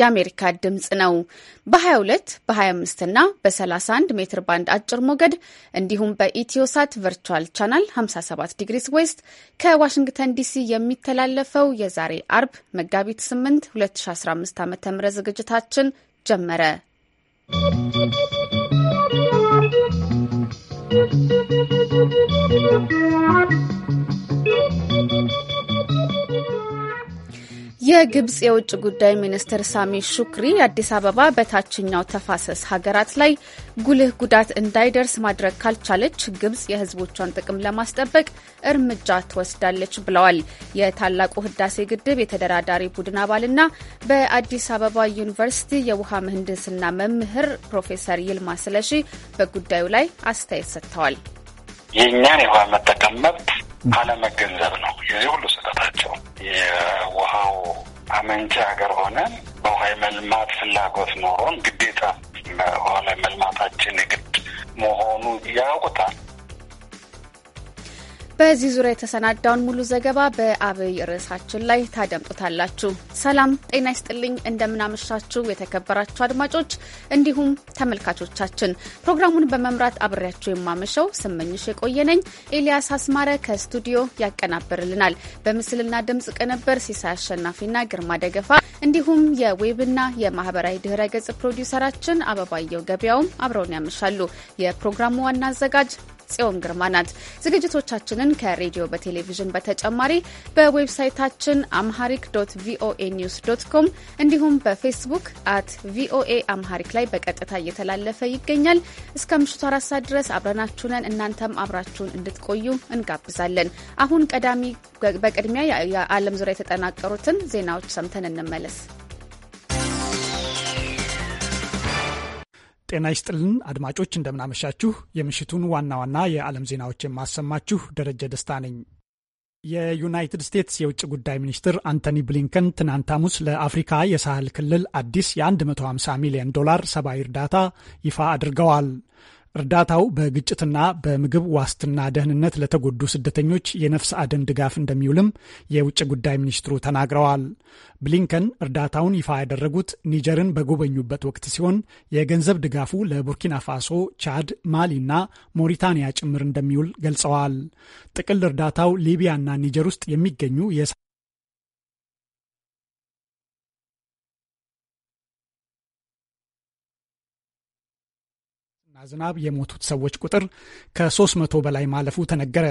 የአሜሪካ ድምፅ ነው። በ22 በ25 እና በ31 ሜትር ባንድ አጭር ሞገድ እንዲሁም በኢትዮሳት ቨርቹዋል ቻናል 57 ዲግሪስ ዌስት ከዋሽንግተን ዲሲ የሚተላለፈው የዛሬ አርብ መጋቢት 8 2015 ዓ ም ዝግጅታችን ጀመረ። ¶¶ የግብጽ የውጭ ጉዳይ ሚኒስትር ሳሚ ሹክሪ አዲስ አበባ በታችኛው ተፋሰስ ሀገራት ላይ ጉልህ ጉዳት እንዳይደርስ ማድረግ ካልቻለች ግብጽ የሕዝቦቿን ጥቅም ለማስጠበቅ እርምጃ ትወስዳለች ብለዋል። የታላቁ ሕዳሴ ግድብ የተደራዳሪ ቡድን አባልና በአዲስ አበባ ዩኒቨርሲቲ የውሃ ምህንድስና መምህር ፕሮፌሰር ይልማ ስለሺ በጉዳዩ ላይ አስተያየት ሰጥተዋል። የእኛን የውሃ መጠቀም መብት አለመገንዘብ ነው። የዚህ ሁሉ ስጠታቸው። የውሃው አመንጭ ሀገር ሆነን በውሃ የመልማት ፍላጎት ኖሮን ግዴታ ውሃ ላይ መልማታችን የግድ መሆኑ ያውቁታል። በዚህ ዙሪያ የተሰናዳውን ሙሉ ዘገባ በአብይ ርዕሳችን ላይ ታደምጡታላችሁ። ሰላም ጤና ይስጥልኝ። እንደምናመሻችሁ የተከበራችሁ አድማጮች እንዲሁም ተመልካቾቻችን። ፕሮግራሙን በመምራት አብሬያችሁ የማመሸው ስመኝሽ የቆየ ነኝ። ኤልያስ አስማረ ከስቱዲዮ ያቀናብርልናል። በምስልና ድምፅ ቅንብር ሲሳይ አሸናፊና ግርማ ደገፋ እንዲሁም የዌብና የማህበራዊ ድህረ ገጽ ፕሮዲውሰራችን አበባየው ገበያውም አብረውን ያመሻሉ። የፕሮግራሙ ዋና አዘጋጅ ጽዮን ግርማ ናት። ዝግጅቶቻችንን ከሬዲዮ በቴሌቪዥን በተጨማሪ በዌብሳይታችን አምሃሪክ ዶት ቪኦኤ ኒውስ ዶት ኮም እንዲሁም በፌስቡክ አት ቪኦኤ አምሃሪክ ላይ በቀጥታ እየተላለፈ ይገኛል። እስከ ምሽቱ አራት ሰዓት ድረስ አብረናችሁ ነን። እናንተም አብራችሁን እንድትቆዩ እንጋብዛለን። አሁን ቀዳሚ በቅድሚያ የዓለም ዙሪያ የተጠናቀሩትን ዜናዎች ሰምተን እንመለስ። ጤና ይስጥልን አድማጮች፣ እንደምናመሻችሁ። የምሽቱን ዋና ዋና የዓለም ዜናዎች የማሰማችሁ ደረጀ ደስታ ነኝ። የዩናይትድ ስቴትስ የውጭ ጉዳይ ሚኒስትር አንቶኒ ብሊንከን ትናንት ሐሙስ ለአፍሪካ የሳህል ክልል አዲስ የ150 ሚሊዮን ዶላር ሰብአዊ እርዳታ ይፋ አድርገዋል። እርዳታው በግጭትና በምግብ ዋስትና ደህንነት ለተጎዱ ስደተኞች የነፍስ አድን ድጋፍ እንደሚውልም የውጭ ጉዳይ ሚኒስትሩ ተናግረዋል። ብሊንከን እርዳታውን ይፋ ያደረጉት ኒጀርን በጎበኙበት ወቅት ሲሆን የገንዘብ ድጋፉ ለቡርኪና ፋሶ፣ ቻድ፣ ማሊና ሞሪታንያ ጭምር እንደሚውል ገልጸዋል። ጥቅል እርዳታው ሊቢያና ኒጀር ውስጥ የሚገኙ የ ዝናብ የሞቱት ሰዎች ቁጥር ከ300 በላይ ማለፉ ተነገረ።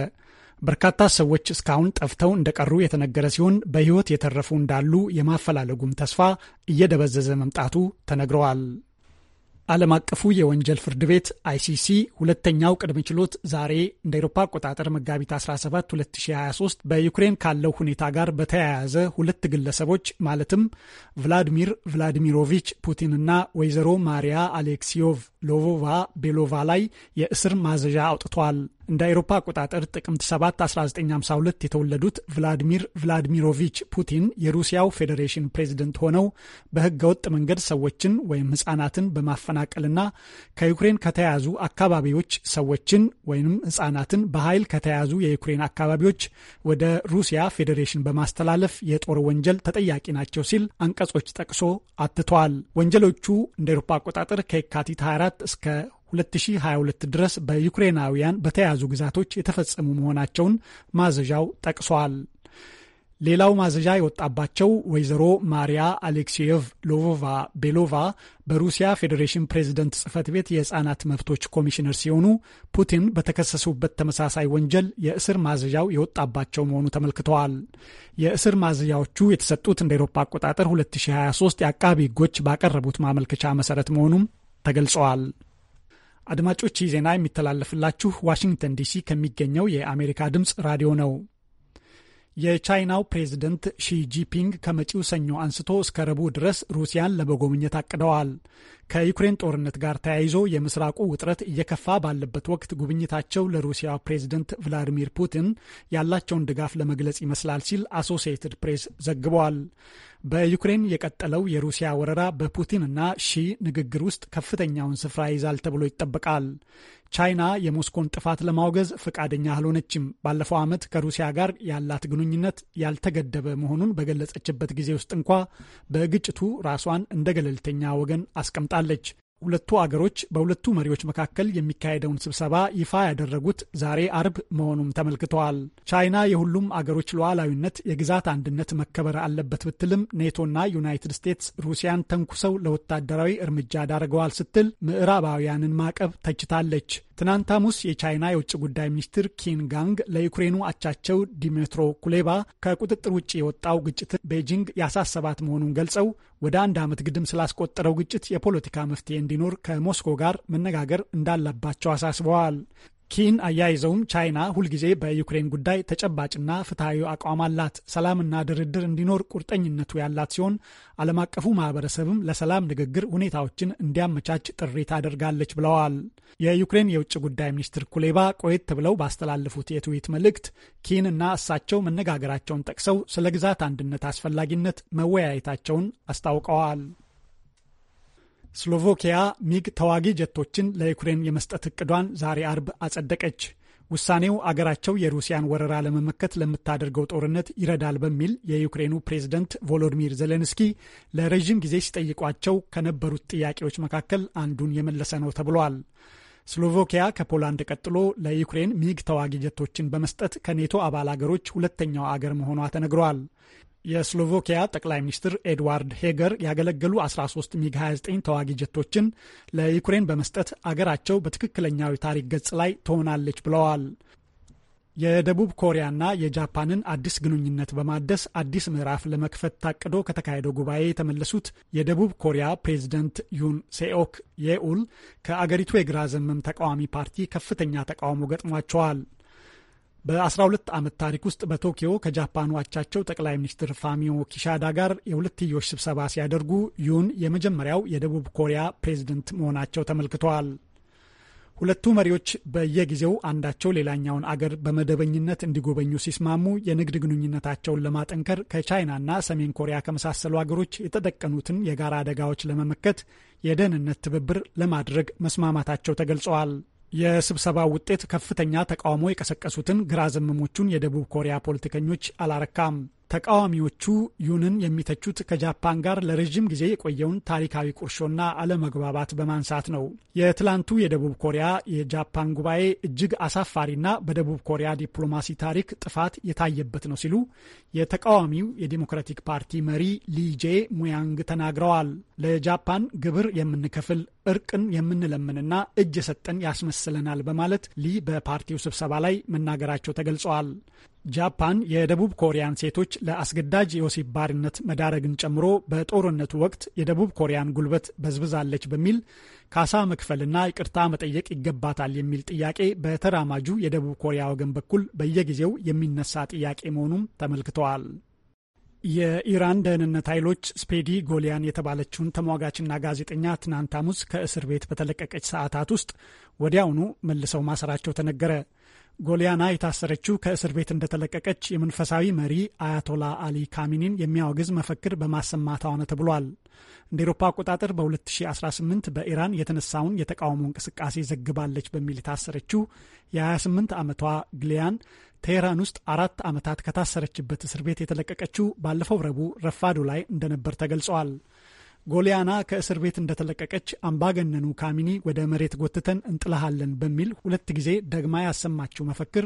በርካታ ሰዎች እስካሁን ጠፍተው እንደቀሩ የተነገረ ሲሆን በሕይወት የተረፉ እንዳሉ የማፈላለጉም ተስፋ እየደበዘዘ መምጣቱ ተነግረዋል። ዓለም አቀፉ የወንጀል ፍርድ ቤት አይሲሲ ሁለተኛው ቅድመ ችሎት ዛሬ እንደ ኤሮፓ አቆጣጠር መጋቢት 17 2023 በዩክሬን ካለው ሁኔታ ጋር በተያያዘ ሁለት ግለሰቦች ማለትም ቭላዲሚር ቭላዲሚሮቪች ፑቲንና ወይዘሮ ማሪያ አሌክሲዮቭ ሎቮቫ ቤሎቫ ላይ የእስር ማዘዣ አውጥቷል። እንደ አውሮፓ አቆጣጠር ጥቅምት 7 1952 የተወለዱት ቭላዲሚር ቭላዲሚሮቪች ፑቲን የሩሲያው ፌዴሬሽን ፕሬዝደንት ሆነው ወጥ መንገድ ሰዎችን ወይም ህጻናትን በማፈናቀልና ከዩክሬን ከተያዙ አካባቢዎች ሰዎችን ወይም ህጻናትን በኃይል ከተያዙ የዩክሬን አካባቢዎች ወደ ሩሲያ ፌዴሬሽን በማስተላለፍ የጦር ወንጀል ተጠያቂ ናቸው ሲል አንቀጾች ጠቅሶ አትተዋል። ወንጀሎቹ እንደ አውሮፓ አቆጣጠር ከየካቲት 24 2024 እስከ 2022 ድረስ በዩክሬናውያን በተያዙ ግዛቶች የተፈጸሙ መሆናቸውን ማዘዣው ጠቅሷል። ሌላው ማዘዣ የወጣባቸው ወይዘሮ ማሪያ አሌክሲየቭ ሎቮቫ ቤሎቫ በሩሲያ ፌዴሬሽን ፕሬዝደንት ጽህፈት ቤት የህፃናት መብቶች ኮሚሽነር ሲሆኑ ፑቲን በተከሰሱበት ተመሳሳይ ወንጀል የእስር ማዘዣው የወጣባቸው መሆኑ ተመልክተዋል። የእስር ማዘዣዎቹ የተሰጡት እንደ ኤሮፓ አቆጣጠር 2023 የአቃቢ ህጎች ባቀረቡት ማመልከቻ መሰረት መሆኑም ተገልጸዋል። አድማጮች ይህ ዜና የሚተላለፍላችሁ ዋሽንግተን ዲሲ ከሚገኘው የአሜሪካ ድምፅ ራዲዮ ነው። የቻይናው ፕሬዝደንት ሺጂፒንግ ከመጪው ሰኞ አንስቶ እስከ ረቡዕ ድረስ ሩሲያን ለመጎብኘት አቅደዋል። ከዩክሬን ጦርነት ጋር ተያይዞ የምስራቁ ውጥረት እየከፋ ባለበት ወቅት ጉብኝታቸው ለሩሲያ ፕሬዝደንት ቭላዲሚር ፑቲን ያላቸውን ድጋፍ ለመግለጽ ይመስላል ሲል አሶሲየትድ ፕሬስ ዘግቧል። በዩክሬን የቀጠለው የሩሲያ ወረራ በፑቲንና ሺ ንግግር ውስጥ ከፍተኛውን ስፍራ ይዛል ተብሎ ይጠበቃል። ቻይና የሞስኮን ጥፋት ለማውገዝ ፈቃደኛ አልሆነችም። ባለፈው ዓመት ከሩሲያ ጋር ያላት ግንኙነት ያልተገደበ መሆኑን በገለጸችበት ጊዜ ውስጥ እንኳ በግጭቱ ራሷን እንደ ገለልተኛ ወገን አስቀምጣለች። ሁለቱ አገሮች በሁለቱ መሪዎች መካከል የሚካሄደውን ስብሰባ ይፋ ያደረጉት ዛሬ አርብ መሆኑም ተመልክተዋል። ቻይና የሁሉም አገሮች ሉዓላዊነት፣ የግዛት አንድነት መከበር አለበት ብትልም ኔቶና ዩናይትድ ስቴትስ ሩሲያን ተንኩሰው ለወታደራዊ እርምጃ ዳርገዋል ስትል ምዕራባውያንን ማዕቀብ ተችታለች። ትናንት ሐሙስ የቻይና የውጭ ጉዳይ ሚኒስትር ኪን ጋንግ ለዩክሬኑ አቻቸው ዲሜትሮ ኩሌባ ከቁጥጥር ውጭ የወጣው ግጭት ቤጂንግ ያሳሰባት መሆኑን ገልጸው ወደ አንድ ዓመት ግድም ስላስቆጠረው ግጭት የፖለቲካ መፍትሄ እንዲኖር ከሞስኮ ጋር መነጋገር እንዳለባቸው አሳስበዋል። ኪን አያይዘውም ቻይና ሁልጊዜ በዩክሬን ጉዳይ ተጨባጭና ፍትሐዊ አቋም አላት፣ ሰላምና ድርድር እንዲኖር ቁርጠኝነቱ ያላት ሲሆን ዓለም አቀፉ ማህበረሰብም ለሰላም ንግግር ሁኔታዎችን እንዲያመቻች ጥሪ ታደርጋለች ብለዋል። የዩክሬን የውጭ ጉዳይ ሚኒስትር ኩሌባ ቆየት ብለው ባስተላለፉት የትዊት መልእክት ኪን እና እሳቸው መነጋገራቸውን ጠቅሰው ስለ ግዛት አንድነት አስፈላጊነት መወያየታቸውን አስታውቀዋል። ስሎቫኪያ ሚግ ተዋጊ ጀቶችን ለዩክሬን የመስጠት እቅዷን ዛሬ አርብ አጸደቀች። ውሳኔው አገራቸው የሩሲያን ወረራ ለመመከት ለምታደርገው ጦርነት ይረዳል በሚል የዩክሬኑ ፕሬዝደንት ቮሎዲሚር ዜሌንስኪ ለረዥም ጊዜ ሲጠይቋቸው ከነበሩት ጥያቄዎች መካከል አንዱን የመለሰ ነው ተብሏል። ስሎቮኪያ ከፖላንድ ቀጥሎ ለዩክሬን ሚግ ተዋጊ ጀቶችን በመስጠት ከኔቶ አባል አገሮች ሁለተኛው አገር መሆኗ ተነግሯል። የስሎቫኪያ ጠቅላይ ሚኒስትር ኤድዋርድ ሄገር ያገለገሉ 13 ሚግ 29 ተዋጊ ጀቶችን ለዩክሬን በመስጠት አገራቸው በትክክለኛው ታሪክ ገጽ ላይ ትሆናለች ብለዋል። የደቡብ ኮሪያና የጃፓንን አዲስ ግንኙነት በማደስ አዲስ ምዕራፍ ለመክፈት ታቅዶ ከተካሄደው ጉባኤ የተመለሱት የደቡብ ኮሪያ ፕሬዚደንት ዩን ሴኦክ የኡል ከአገሪቱ የግራ ዘመም ተቃዋሚ ፓርቲ ከፍተኛ ተቃውሞ ገጥሟቸዋል። በ12 ዓመት ታሪክ ውስጥ በቶኪዮ ከጃፓኑ አቻቸው ጠቅላይ ሚኒስትር ፋሚዮ ኪሻዳ ጋር የሁለትዮሽ ስብሰባ ሲያደርጉ ዩን የመጀመሪያው የደቡብ ኮሪያ ፕሬዝደንት መሆናቸው ተመልክተዋል። ሁለቱ መሪዎች በየጊዜው አንዳቸው ሌላኛውን አገር በመደበኝነት እንዲጎበኙ ሲስማሙ የንግድ ግንኙነታቸውን ለማጠንከር ከቻይናና ሰሜን ኮሪያ ከመሳሰሉ አገሮች የተጠቀኑትን የጋራ አደጋዎች ለመመከት የደህንነት ትብብር ለማድረግ መስማማታቸው ተገልጸዋል። የስብሰባ ውጤት ከፍተኛ ተቃውሞ የቀሰቀሱትን ግራ ዘመሞቹን የደቡብ ኮሪያ ፖለቲከኞች አላረካም። ተቃዋሚዎቹ ዩንን የሚተቹት ከጃፓን ጋር ለረዥም ጊዜ የቆየውን ታሪካዊ ቁርሾና አለመግባባት በማንሳት ነው። የትላንቱ የደቡብ ኮሪያ የጃፓን ጉባኤ እጅግ አሳፋሪና በደቡብ ኮሪያ ዲፕሎማሲ ታሪክ ጥፋት የታየበት ነው ሲሉ የተቃዋሚው የዲሞክራቲክ ፓርቲ መሪ ሊጄ ሙያንግ ተናግረዋል። ለጃፓን ግብር የምንከፍል እርቅን የምንለምንና እጅ የሰጠን ያስመስለናል በማለት ሊ በፓርቲው ስብሰባ ላይ መናገራቸው ተገልጸዋል። ጃፓን የደቡብ ኮሪያን ሴቶች ለአስገዳጅ የወሲብ ባርነት መዳረግን ጨምሮ በጦርነቱ ወቅት የደቡብ ኮሪያን ጉልበት በዝብዛለች በሚል ካሳ መክፈልና ይቅርታ መጠየቅ ይገባታል የሚል ጥያቄ በተራማጁ የደቡብ ኮሪያ ወገን በኩል በየጊዜው የሚነሳ ጥያቄ መሆኑም ተመልክተዋል። የኢራን ደህንነት ኃይሎች ስፔዲ ጎሊያን የተባለችውን ተሟጋችና ጋዜጠኛ ትናንት ሐሙስ ከእስር ቤት በተለቀቀች ሰዓታት ውስጥ ወዲያውኑ መልሰው ማሰራቸው ተነገረ። ጎሊያና የታሰረችው ከእስር ቤት እንደተለቀቀች የመንፈሳዊ መሪ አያቶላ አሊ ካሚኒን የሚያወግዝ መፈክር በማሰማቷ ነው ተብሏል። እንደ ኤሮፓ አቆጣጠር በ2018 በኢራን የተነሳውን የተቃውሞ እንቅስቃሴ ዘግባለች በሚል የታሰረችው የ28 ዓመቷ ግሊያን ቴህራን ውስጥ አራት ዓመታት ከታሰረችበት እስር ቤት የተለቀቀችው ባለፈው ረቡዕ ረፋዱ ላይ እንደነበር ተገልጸዋል። ጎሊያና ከእስር ቤት እንደተለቀቀች አምባገነኑ ካሚኒ ወደ መሬት ጎትተን እንጥልሃለን በሚል ሁለት ጊዜ ደግማ ያሰማችው መፈክር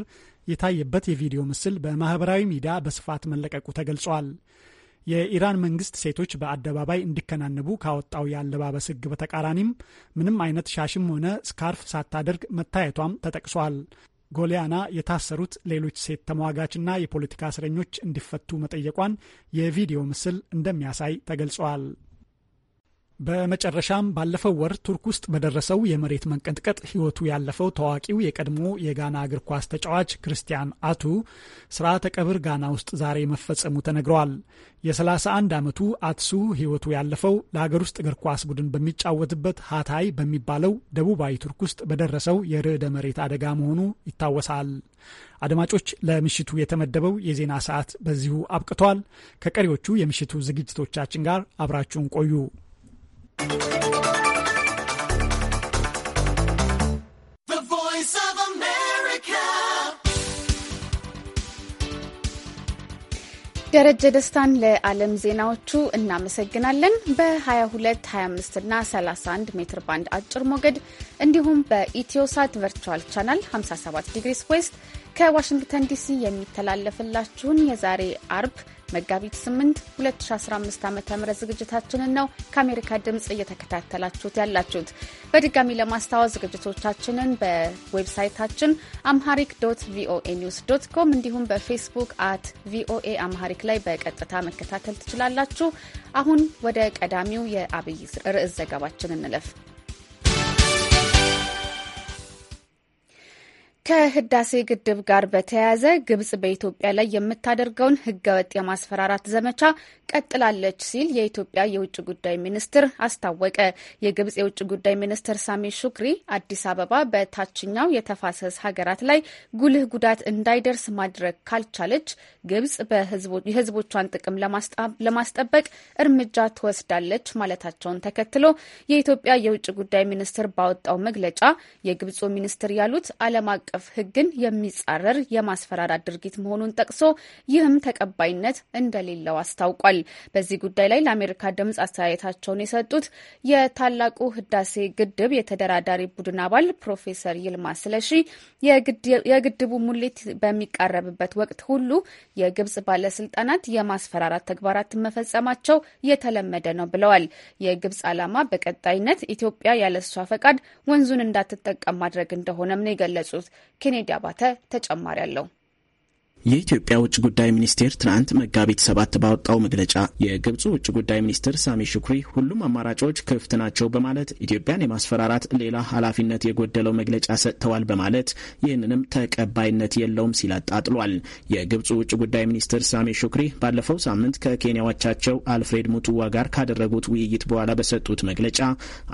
የታየበት የቪዲዮ ምስል በማህበራዊ ሚዲያ በስፋት መለቀቁ ተገልጿል። የኢራን መንግስት ሴቶች በአደባባይ እንዲከናነቡ ካወጣው የአለባበስ ሕግ በተቃራኒም ምንም አይነት ሻሽም ሆነ ስካርፍ ሳታደርግ መታየቷም ተጠቅሷል። ጎሊያና የታሰሩት ሌሎች ሴት ተሟጋችና የፖለቲካ እስረኞች እንዲፈቱ መጠየቋን የቪዲዮ ምስል እንደሚያሳይ ተገልጿል። በመጨረሻም ባለፈው ወር ቱርክ ውስጥ በደረሰው የመሬት መንቀጥቀጥ ሕይወቱ ያለፈው ታዋቂው የቀድሞ የጋና እግር ኳስ ተጫዋች ክርስቲያን አቱ ስርዓተ ቀብር ጋና ውስጥ ዛሬ መፈጸሙ ተነግረዋል። የ31 ዓመቱ አትሱ ሕይወቱ ያለፈው ለሀገር ውስጥ እግር ኳስ ቡድን በሚጫወትበት ሃታይ በሚባለው ደቡባዊ ቱርክ ውስጥ በደረሰው የርዕደ መሬት አደጋ መሆኑ ይታወሳል። አድማጮች፣ ለምሽቱ የተመደበው የዜና ሰዓት በዚሁ አብቅቷል። ከቀሪዎቹ የምሽቱ ዝግጅቶቻችን ጋር አብራችሁን ቆዩ። ደረጀ ደስታን ለዓለም ዜናዎቹ እናመሰግናለን። በ22፣ 25 እና 31 ሜትር ባንድ አጭር ሞገድ እንዲሁም በኢትዮሳት ቨርቹዋል ቻናል 57 ዲግሪስ ዌስት ከዋሽንግተን ዲሲ የሚተላለፍላችሁን የዛሬ አርብ መጋቢት 8 2015 ዓ ም ዝግጅታችንን ነው ከአሜሪካ ድምፅ እየተከታተላችሁት ያላችሁት። በድጋሚ ለማስታወስ ዝግጅቶቻችንን በዌብሳይታችን አምሃሪክ ዶት ቪኦኤ ኒውስ ዶት ኮም እንዲሁም በፌስቡክ አት ቪኦኤ አምሃሪክ ላይ በቀጥታ መከታተል ትችላላችሁ። አሁን ወደ ቀዳሚው የአብይ ርዕስ ዘገባችን እንለፍ። ከህዳሴ ግድብ ጋር በተያያዘ ግብጽ በኢትዮጵያ ላይ የምታደርገውን ህገወጥ የማስፈራራት ዘመቻ ቀጥላለች ሲል የኢትዮጵያ የውጭ ጉዳይ ሚኒስትር አስታወቀ። የግብጽ የውጭ ጉዳይ ሚኒስትር ሳሚ ሹክሪ አዲስ አበባ በታችኛው የተፋሰስ ሀገራት ላይ ጉልህ ጉዳት እንዳይደርስ ማድረግ ካልቻለች ግብጽ የህዝቦቿን ጥቅም ለማስጠበቅ እርምጃ ትወስዳለች ማለታቸውን ተከትሎ የኢትዮጵያ የውጭ ጉዳይ ሚኒስትር ባወጣው መግለጫ የግብጹ ሚኒስትር ያሉት ዓለም አቀፍ አቀፍ ሕግን የሚጻረር የማስፈራራት ድርጊት መሆኑን ጠቅሶ ይህም ተቀባይነት እንደሌለው አስታውቋል። በዚህ ጉዳይ ላይ ለአሜሪካ ድምጽ አስተያየታቸውን የሰጡት የታላቁ ህዳሴ ግድብ የተደራዳሪ ቡድን አባል ፕሮፌሰር ይልማ ስለሺ የግድቡ ሙሌት በሚቃረብበት ወቅት ሁሉ የግብጽ ባለስልጣናት የማስፈራራት ተግባራትን መፈጸማቸው የተለመደ ነው ብለዋል። የግብጽ ዓላማ በቀጣይነት ኢትዮጵያ ያለሷ ፈቃድ ወንዙን እንዳትጠቀም ማድረግ እንደሆነም ነው የገለጹት። ኬኔዲ አባተ ተጨማሪ አለው። የኢትዮጵያ ውጭ ጉዳይ ሚኒስቴር ትናንት መጋቢት ሰባት ባወጣው መግለጫ የግብፁ ውጭ ጉዳይ ሚኒስትር ሳሚ ሹኩሪ ሁሉም አማራጮች ክፍት ናቸው በማለት ኢትዮጵያን የማስፈራራት ሌላ ኃላፊነት የጎደለው መግለጫ ሰጥተዋል በማለት ይህንንም ተቀባይነት የለውም ሲል አጣጥሏል። የግብፁ ውጭ ጉዳይ ሚኒስትር ሳሚ ሹኩሪ ባለፈው ሳምንት ከኬንያዎቻቸው አልፍሬድ ሙቱዋ ጋር ካደረጉት ውይይት በኋላ በሰጡት መግለጫ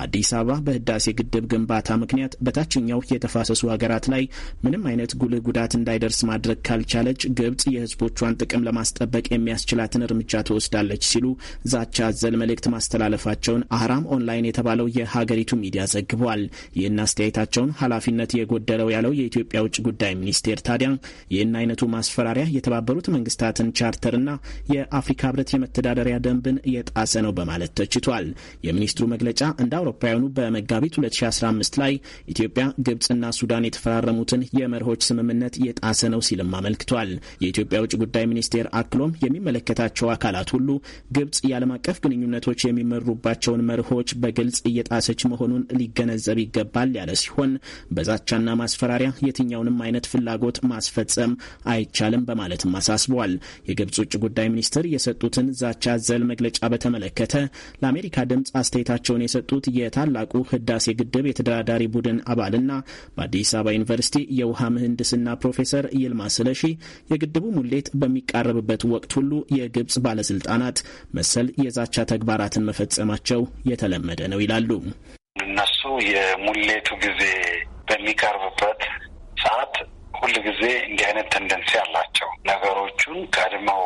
አዲስ አበባ በህዳሴ ግድብ ግንባታ ምክንያት በታችኛው የተፋሰሱ ሀገራት ላይ ምንም አይነት ጉልህ ጉዳት እንዳይደርስ ማድረግ ካልቻለ ከሆነች ግብጽ የህዝቦቿን ጥቅም ለማስጠበቅ የሚያስችላትን እርምጃ ትወስዳለች ሲሉ ዛቻ አዘል መልእክት ማስተላለፋቸውን አህራም ኦንላይን የተባለው የሀገሪቱ ሚዲያ ዘግቧል። ይህን አስተያየታቸውን ኃላፊነት የጎደለው ያለው የኢትዮጵያ ውጭ ጉዳይ ሚኒስቴር ታዲያ ይህን አይነቱ ማስፈራሪያ የተባበሩት መንግስታትን ቻርተርና የአፍሪካ ህብረት የመተዳደሪያ ደንብን የጣሰ ነው በማለት ተችቷል። የሚኒስትሩ መግለጫ እንደ አውሮፓውያኑ በመጋቢት 2015 ላይ ኢትዮጵያ፣ ግብጽና ሱዳን የተፈራረሙትን የመርሆች ስምምነት የጣሰ ነው ሲልም አመልክቷል። ብለዋል። የኢትዮጵያ ውጭ ጉዳይ ሚኒስቴር አክሎም የሚመለከታቸው አካላት ሁሉ ግብጽ የዓለም አቀፍ ግንኙነቶች የሚመሩባቸውን መርሆች በግልጽ እየጣሰች መሆኑን ሊገነዘብ ይገባል ያለ ሲሆን በዛቻና ማስፈራሪያ የትኛውንም አይነት ፍላጎት ማስፈጸም አይቻልም በማለትም አሳስበዋል። የግብጽ ውጭ ጉዳይ ሚኒስትር የሰጡትን ዛቻ ዘል መግለጫ በተመለከተ ለአሜሪካ ድምፅ አስተያየታቸውን የሰጡት የታላቁ ህዳሴ ግድብ የተደራዳሪ ቡድን አባልና በአዲስ አበባ ዩኒቨርሲቲ የውሃ ምህንድስና ፕሮፌሰር ይልማ ስለሺ የግድቡ ሙሌት በሚቃረብበት ወቅት ሁሉ የግብጽ ባለስልጣናት መሰል የዛቻ ተግባራትን መፈጸማቸው የተለመደ ነው ይላሉ። እነሱ የሙሌቱ ጊዜ በሚቀርብበት ሰዓት ሁል ጊዜ እንዲህ አይነት ቴንደንሲ አላቸው። ነገሮቹን ቀድመው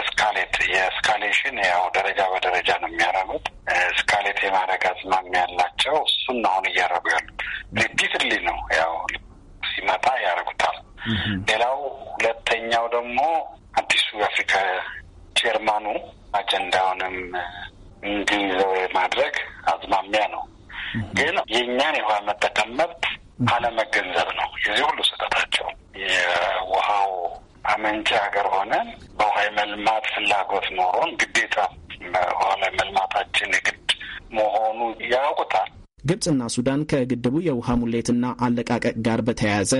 እስካሌት የኤስካሌሽን ያው ደረጃ በደረጃ ነው የሚያረጉት። እስካሌት የማድረግ አዝማሚያ ያላቸው እሱን አሁን እያረጉ ያሉ ሪፒትሊ ነው ያው ሲመጣ ያደርጉታል። Mm-hmm. ሌላው ሁለተኛው ደግሞ አዲሱ የአፍሪካ ቼርማኑ አጀንዳውንም እንዲይዘው የማድረግ አዝማሚያ ነው። mm-hmm. ግን የእኛን የውሃ መጠቀም መብት አለመገንዘብ ነው የዚህ ሁሉ ስጠታቸው። የውሃው አመንጭ ሀገር ሆነን በውሃ መልማት ፍላጎት ኖሮን ግዴታ ውሃ ላይ መልማታችን የግድ መሆኑ ያውቁታል። ግብፅና ሱዳን ከግድቡ የውሃ ሙሌትና አለቃቀቅ ጋር በተያያዘ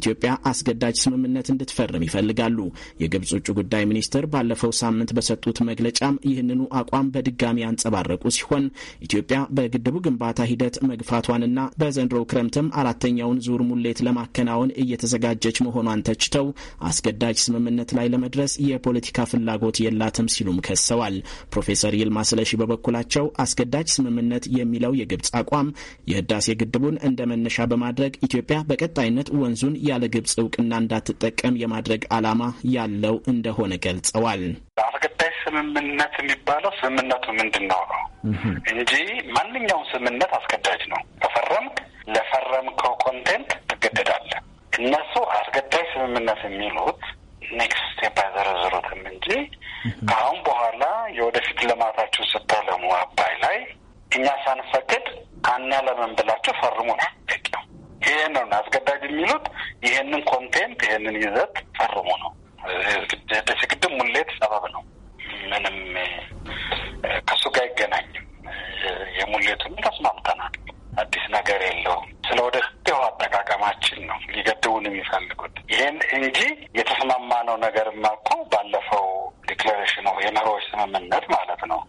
ኢትዮጵያ አስገዳጅ ስምምነት እንድትፈርም ይፈልጋሉ። የግብፅ ውጭ ጉዳይ ሚኒስትር ባለፈው ሳምንት በሰጡት መግለጫም ይህንኑ አቋም በድጋሚ ያንጸባረቁ ሲሆን ኢትዮጵያ በግድቡ ግንባታ ሂደት መግፋቷንና በዘንድሮ ክረምትም አራተኛውን ዙር ሙሌት ለማከናወን እየተዘጋጀች መሆኗን ተችተው አስገዳጅ ስምምነት ላይ ለመድረስ የፖለቲካ ፍላጎት የላትም ሲሉም ከሰዋል። ፕሮፌሰር ይልማ ስለሺ በበኩላቸው አስገዳጅ ስምምነት የሚለው የግብፅ አቋም ተቋም የህዳሴ ግድቡን እንደ መነሻ በማድረግ ኢትዮጵያ በቀጣይነት ወንዙን ያለ ግብጽ እውቅና እንዳትጠቀም የማድረግ ዓላማ ያለው እንደሆነ ገልጸዋል። አስገዳጅ ስምምነት የሚባለው ስምምነቱ ምንድን ነው ነው እንጂ ማንኛውም ስምምነት አስገዳጅ ነው። ከፈረምክ ለፈረምከው ኮንቴንት ትገደዳለህ። እነሱ አስገዳጅ ስምምነት የሚሉት ኔክስት ስቴፕ አይዘረዝሩትም እንጂ ከአሁን በኋላ የወደፊት ልማታችሁ ስታለሙ አባይ ላይ እኛ ሳንፈ አናለምም ብላችሁ ፈርሙ ነው አስገዳጅ የሚሉት ይህንን ኮንቴንት ይህንን ይዘት ፈርሙ ነው። ህዳሴ ግድብ ሙሌት ሰበብ ነው። ምንም ከሱ ጋር አይገናኝም። የሙሌቱን ተስማምተናል። አዲስ ነገር የለውም። ስለ ወደፊት ውሃ አጠቃቀማችን ነው ሊገድቡን የሚፈልጉት ይሄን እንጂ የተስማማነው ነገርማ እኮ ባለፈው ዲክላሬሽን ነው የመሮዎች ስምምነት ማለት ነው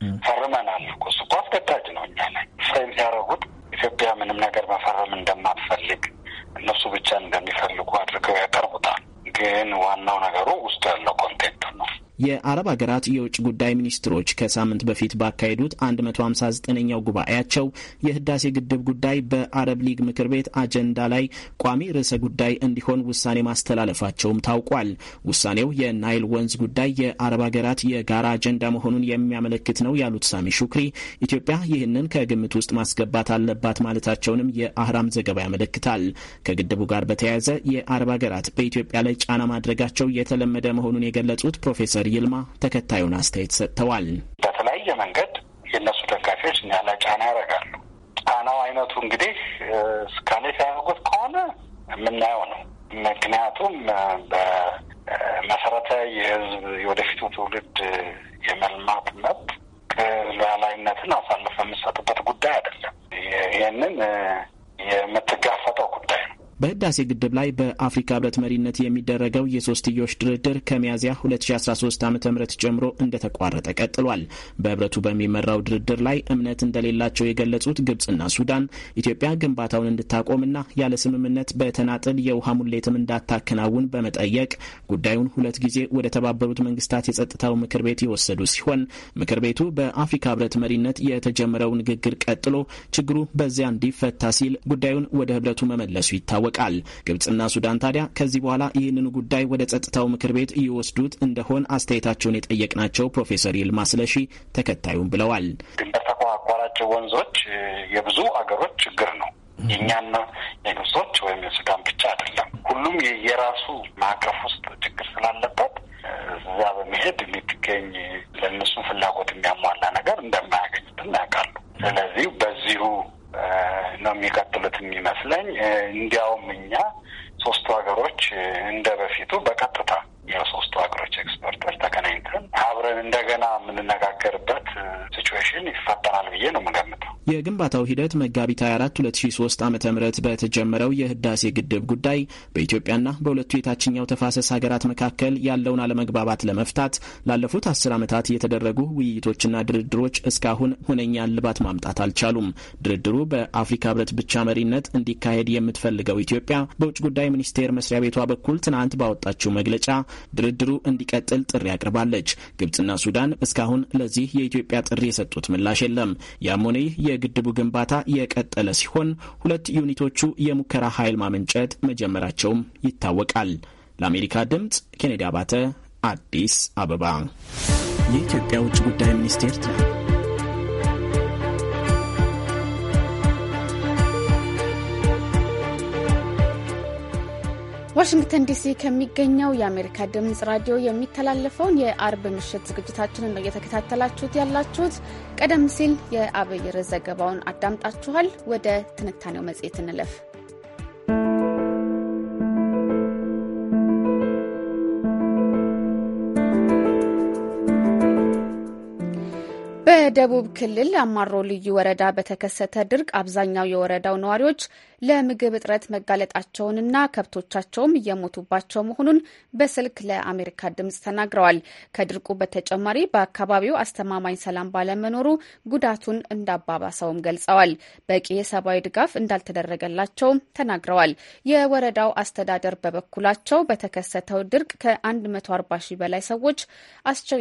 የአረብ ሀገራት የውጭ ጉዳይ ሚኒስትሮች ከሳምንት በፊት ባካሄዱት 159ኛው ጉባኤያቸው የህዳሴ ግድብ ጉዳይ በአረብ ሊግ ምክር ቤት አጀንዳ ላይ ቋሚ ርዕሰ ጉዳይ እንዲሆን ውሳኔ ማስተላለፋቸውም ታውቋል። ውሳኔው የናይል ወንዝ ጉዳይ የአረብ ሀገራት የጋራ አጀንዳ መሆኑን የሚያመለክት ነው ያሉት ሳሚ ሹክሪ ኢትዮጵያ ይህንን ከግምት ውስጥ ማስገባት አለባት ማለታቸውንም የአህራም ዘገባ ያመለክታል። ከግድቡ ጋር በተያያዘ የአረብ ሀገራት በኢትዮጵያ ላይ ጫና ማድረጋቸው የተለመደ መሆኑን የገለጹት ፕሮፌሰር ይልማ ተከታዩን አስተያየት ሰጥተዋል። በተለያየ መንገድ የእነሱ ደጋፊዎች እኛ ላይ ጫና ያደርጋሉ። ጫናው አይነቱ እንግዲህ እስካሌት ሲያደርጉት ከሆነ የምናየው ነው። ምክንያቱም በመሰረተ የህዝብ የወደፊቱ ትውልድ የመልማት መብት ሉዓላዊነትን አሳልፈ የምሰጥበት ጉዳይ አይደለም። ይህንን የምትጋፈጠው ጉዳይ ነው። በህዳሴ ግድብ ላይ በአፍሪካ ህብረት መሪነት የሚደረገው የሶስትዮሽ ድርድር ከሚያዝያ 2013 ዓ ም ጀምሮ እንደተቋረጠ ቀጥሏል። በህብረቱ በሚመራው ድርድር ላይ እምነት እንደሌላቸው የገለጹት ግብጽና ሱዳን ኢትዮጵያ ግንባታውን እንድታቆምና ያለ ስምምነት በተናጥል የውሃ ሙሌትም እንዳታከናውን በመጠየቅ ጉዳዩን ሁለት ጊዜ ወደ ተባበሩት መንግስታት የጸጥታው ምክር ቤት የወሰዱ ሲሆን ምክር ቤቱ በአፍሪካ ህብረት መሪነት የተጀመረው ንግግር ቀጥሎ ችግሩ በዚያ እንዲፈታ ሲል ጉዳዩን ወደ ህብረቱ መመለሱ ይታወቃል። ይጠበቃል። ግብጽና ሱዳን ታዲያ ከዚህ በኋላ ይህንን ጉዳይ ወደ ጸጥታው ምክር ቤት እየወስዱት እንደሆን አስተያየታቸውን የጠየቅናቸው ፕሮፌሰር ይልማ ስለሺ ተከታዩም ብለዋል። ድንበር ተቋራጭ ወንዞች የብዙ አገሮች ችግር ነው። የእኛና የግብጾች ወይም የሱዳን ብቻ አይደለም። ሁሉም የየራሱ ማዕቀፍ ውስጥ ችግር ስላለበት እዛ በመሄድ የሚትገኝ ለእነሱ ፍላጎት የሚያሟላ ነገር እንደማያገኙት ያውቃሉ። ስለዚህ በዚሁ ነው የሚቀጥሉት የሚመስለኝ። እንዲያውም እኛ ሶስቱ ሀገሮች እንደ በፊቱ በቀጥታ የሶስቱ ሀገሮች ኤክስፐርቶች ተገናኝተን አብረን እንደገና የምንነጋገርበት ሲቹዌሽን ይፈጠራል ብዬ ነው የምገምተው። የግንባታው ሂደት መጋቢት 24 2003 ዓ ም በተጀመረው የህዳሴ ግድብ ጉዳይ በኢትዮጵያና በሁለቱ የታችኛው ተፋሰስ ሀገራት መካከል ያለውን አለመግባባት ለመፍታት ላለፉት አስር ዓመታት የተደረጉ ውይይቶችና ድርድሮች እስካሁን ሁነኛ እልባት ማምጣት አልቻሉም። ድርድሩ በአፍሪካ ህብረት ብቻ መሪነት እንዲካሄድ የምትፈልገው ኢትዮጵያ በውጭ ጉዳይ ሚኒስቴር መስሪያ ቤቷ በኩል ትናንት ባወጣችው መግለጫ ድርድሩ እንዲቀጥል ጥሪ አቅርባለች። ግብጽና ሱዳን እስካሁን ለዚህ የኢትዮጵያ ጥሪ የሰጡት ምላሽ የለም። ይህ የግድቡ ግንባታ የቀጠለ ሲሆን ሁለት ዩኒቶቹ የሙከራ ኃይል ማመንጨት መጀመራቸውም ይታወቃል። ለአሜሪካ ድምፅ ኬኔዲ አባተ አዲስ አበባ። የኢትዮጵያ ውጭ ጉዳይ ሚኒስቴር ዋሽንግተን ዲሲ ከሚገኘው የአሜሪካ ድምፅ ራዲዮ የሚተላለፈውን የአርብ ምሽት ዝግጅታችንን ነው እየተከታተላችሁት ያላችሁት። ቀደም ሲል የአብይር ዘገባውን አዳምጣችኋል። ወደ ትንታኔው መጽሔት እንለፍ። በደቡብ ክልል አማሮ ልዩ ወረዳ በተከሰተ ድርቅ አብዛኛው የወረዳው ነዋሪዎች ለምግብ እጥረት መጋለጣቸውንና ከብቶቻቸውም እየሞቱባቸው መሆኑን በስልክ ለአሜሪካ ድምጽ ተናግረዋል። ከድርቁ በተጨማሪ በአካባቢው አስተማማኝ ሰላም ባለመኖሩ ጉዳቱን እንዳባባሰውም ገልጸዋል። በቂ የሰብአዊ ድጋፍ እንዳልተደረገላቸውም ተናግረዋል። የወረዳው አስተዳደር በበኩላቸው በተከሰተው ድርቅ ከ140 ሺህ በላይ ሰዎች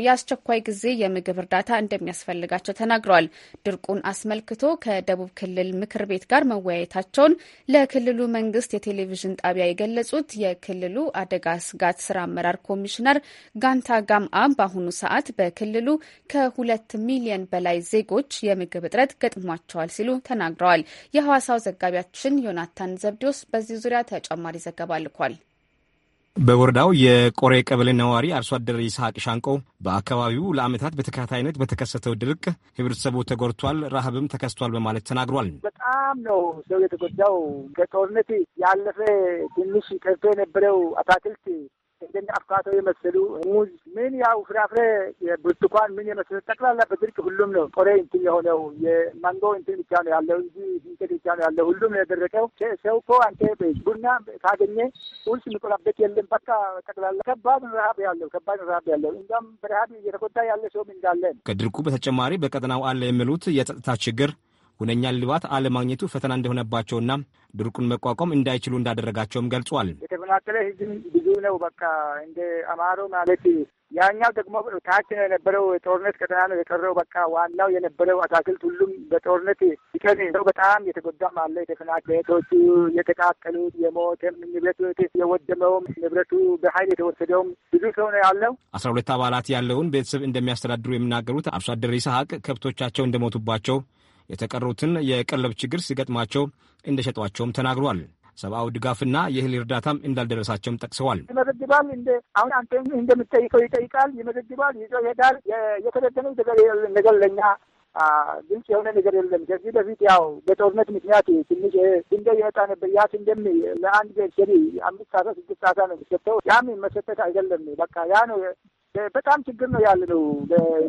የአስቸኳይ ጊዜ የምግብ እርዳታ እንደሚያስፈልግ እንደሚያስፈልጋቸው ተናግረዋል። ድርቁን አስመልክቶ ከደቡብ ክልል ምክር ቤት ጋር መወያየታቸውን ለክልሉ መንግስት የቴሌቪዥን ጣቢያ የገለጹት የክልሉ አደጋ ስጋት ስራ አመራር ኮሚሽነር ጋንታ ጋምአ በአሁኑ ሰዓት በክልሉ ከሁለት ሚሊየን በላይ ዜጎች የምግብ እጥረት ገጥሟቸዋል ሲሉ ተናግረዋል። የሐዋሳው ዘጋቢያችን ዮናታን ዘብዲዎስ በዚህ ዙሪያ ተጨማሪ ዘገባ ልኳል። በወረዳው የቆሬ ቀበሌ ነዋሪ አርሶ አደር ይስሐቅ ሻንቆ በአካባቢው ለዓመታት በተከታታይነት በተከሰተው ድርቅ ህብረተሰቡ ተጎድቷል፣ ረሃብም ተከስቷል በማለት ተናግሯል። በጣም ነው ሰው የተጎዳው። ከጦርነት ያለፈ ትንሽ ቀርቶ የነበረው አታክልት እንደነ አቮካዶ የመሰሉ ሙዝ፣ ምን ያው ፍራፍሬ፣ ብርቱካን ምን የመሰሉ ጠቅላላ በድርቅ ሁሉም ነው ቆሬ እንትን የሆነው የማንጎ እንትን ብቻ ነው ያለው እንጂ እንትን ብቻ ነው ያለው። ሁሉም ነው የደረቀው። ሰው እኮ አንተ ቡና ካገኘ ቁርስ የሚቆላበት የለም። በቃ ጠቅላላ ከባድ ረሀብ ያለው ከባድ ረሀብ ያለው እንዲያውም በረሀብ እየተጎዳ ያለ ሰውም እንዳለ ከድርቁ በተጨማሪ በቀጠናው አለ የሚሉት የጸጥታ ችግር ሁነኛ ልባት አለማግኘቱ ፈተና እንደሆነባቸውና ድርቁን መቋቋም እንዳይችሉ እንዳደረጋቸውም ገልጿል። የተፈናቀለ ህዝብ ብዙ ነው። በቃ እንደ አማሮ ማለት ያኛው ደግሞ ታች ነው የነበረው ጦርነት ቀጠና ነው የቀረው። በቃ ዋናው የነበረው አታክልት ሁሉም በጦርነት ይቀን ነው። በጣም የተጎዳም አለ። የተፈናቀለ ቤቶቹ የተቃጠሉት፣ የሞተም ንብረቱ የወደመውም ንብረቱ በኃይል የተወሰደውም ብዙ ሰው ነው ያለው። አስራ ሁለት አባላት ያለውን ቤተሰብ እንደሚያስተዳድሩ የሚናገሩት አርሶ አደር ይስሐቅ ከብቶቻቸው እንደሞቱባቸው የተቀሩትን የቀለብ ችግር ሲገጥማቸው እንደሸጧቸውም ተናግሯል። ሰብአዊ ድጋፍና የእህል እርዳታም እንዳልደረሳቸውም ጠቅሰዋል። ይመዘግባል እንደ አሁን አንተ እንደምትጠይቀው ይጠይቃል፣ ይመዘግባል፣ ይዞ ይሄዳል። የተበተነ ነገር ለኛ ግልጽ የሆነ ነገር የለም። ከዚህ በፊት ያው በጦርነት ምክንያት ትንሽ ስንዴ የወጣ ነበር። ያ ስንዴም ለአንድ ገሪ አምስት ሰዓት ስድስት ሰዓት ነው የሚሰጠው። ያም መሰጠት አይደለም። በቃ ያ ነው በጣም ችግር ነው ያለ ነው።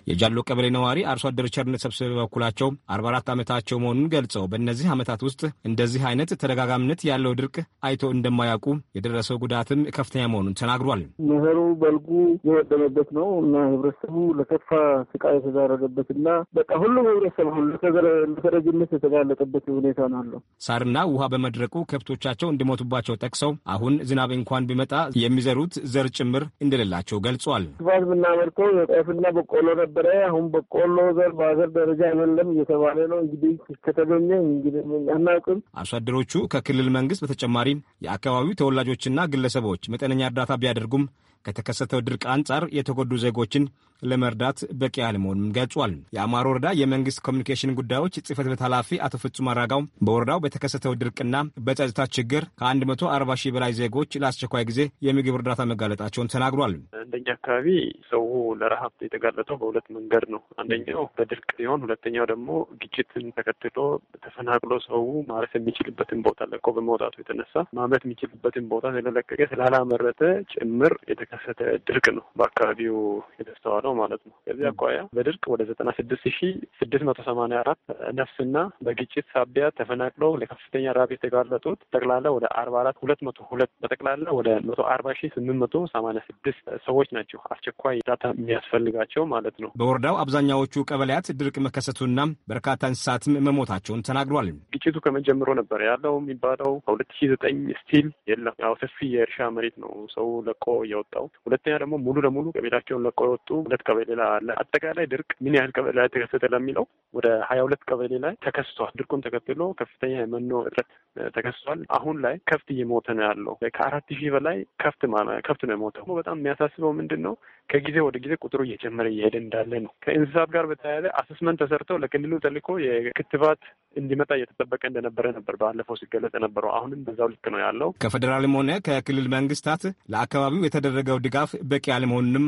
የጃሎ ቀበሌ ነዋሪ አርሶ አደር ቸርነት ሰብስበ በበኩላቸው አርባ አራት ዓመታቸው መሆኑን ገልጸው በእነዚህ ዓመታት ውስጥ እንደዚህ አይነት ተደጋጋሚነት ያለው ድርቅ አይቶ እንደማያውቁ የደረሰው ጉዳትም ከፍተኛ መሆኑን ተናግሯል። መኸሩ በልጉ የወደመበት ነው እና ህብረተሰቡ ለከፋ ስቃይ የተዳረገበት እና በቃ ሁሉም ህብረተሰብ ለተረጅነት የተጋለጠበት ሁኔታ ነው አለው። ሳርና ውሃ በመድረቁ ከብቶቻቸው እንዲሞቱባቸው ጠቅሰው አሁን ዝናብ እንኳን ቢመጣ የሚዘሩት ዘር ጭምር እንደሌላቸው ገልጿል። በብዛት የምናመርተው የጠፍና በቆሎ ነበረ። አሁን በቆሎ ዘር በሀገር ደረጃ አይደለም እየተባለ ነው። እንግዲህ ከተገኘ እንግዲህ አናውቅም። አርሶ አደሮቹ ከክልል መንግስት በተጨማሪ የአካባቢው ተወላጆችና ግለሰቦች መጠነኛ እርዳታ ቢያደርጉም ከተከሰተው ድርቅ አንጻር የተጎዱ ዜጎችን ለመርዳት በቂ አለመሆኑም ገልጿል። የአማሮ ወረዳ የመንግስት ኮሚኒኬሽን ጉዳዮች ጽህፈት ቤት ኃላፊ አቶ ፍጹም አራጋው በወረዳው በተከሰተው ድርቅና በጸጥታ ችግር ከ140 ሺህ በላይ ዜጎች ለአስቸኳይ ጊዜ የምግብ እርዳታ መጋለጣቸውን ተናግሯል። አንደኛ አካባቢ ሰው ለረሀብ የተጋለጠው በሁለት መንገድ ነው። አንደኛው በድርቅ ሲሆን፣ ሁለተኛው ደግሞ ግጭትን ተከትሎ ተፈናቅሎ ሰው ማረስ የሚችልበትን ቦታ ለቆ በመውጣቱ የተነሳ ማመት የሚችልበትን ቦታ ስለለቀቀ ስላላመረተ ጭምር የተከሰተ ድርቅ ነው በአካባቢው የተስተዋለ ነው ማለት ነው። ከዚህ አኳያ በድርቅ ወደ ዘጠና ስድስት ሺ ስድስት መቶ ሰማኒያ አራት ነፍስና በግጭት ሳቢያ ተፈናቅለው ለከፍተኛ ራብ የተጋለጡት ጠቅላላ ወደ አርባ አራት ሁለት መቶ ሁለት በጠቅላላ ወደ መቶ አርባ ሺ ስምንት መቶ ሰማኒያ ስድስት ሰዎች ናቸው አስቸኳይ እርዳታ የሚያስፈልጋቸው ማለት ነው። በወረዳው አብዛኛዎቹ ቀበሌያት ድርቅ መከሰቱና በርካታ እንስሳትም መሞታቸውን ተናግሯል። ግጭቱ ከመጀመሩ ነበር ያለው የሚባለው ከሁለት ሺ ዘጠኝ ስቲል የለም። ያው ሰፊ የእርሻ መሬት ነው ሰው ለቆ የወጣው ሁለተኛ ደግሞ ሙሉ ለሙሉ ቀበሌያቸውን ለቆ የወጡ ሁለት ቀበሌ ላይ አለ። አጠቃላይ ድርቅ ምን ያህል ቀበሌ ላይ ተከሰተ ለሚለው ወደ ሀያ ሁለት ቀበሌ ላይ ተከስቷል። ድርቁን ተከትሎ ከፍተኛ የመኖ እጥረት ተከስቷል። አሁን ላይ ከፍት እየሞተ ነው ያለው። ከአራት ሺህ በላይ ከፍት ከፍት ነው የሞተው። በጣም የሚያሳስበው ምንድን ነው ከጊዜ ወደ ጊዜ ቁጥሩ እየጨመረ እየሄደ እንዳለ ነው። ከእንስሳት ጋር በተያያዘ አሰስመንት ተሰርተው ለክልሉ ተልኮ የክትባት እንዲመጣ እየተጠበቀ እንደነበረ ነበር ባለፈው ሲገለጽ የነበረው። አሁንም በዛው ልክ ነው ያለው። ከፌዴራልም ሆነ ከክልል መንግስታት ለአካባቢው የተደረገው ድጋፍ በቂ አለመሆኑንም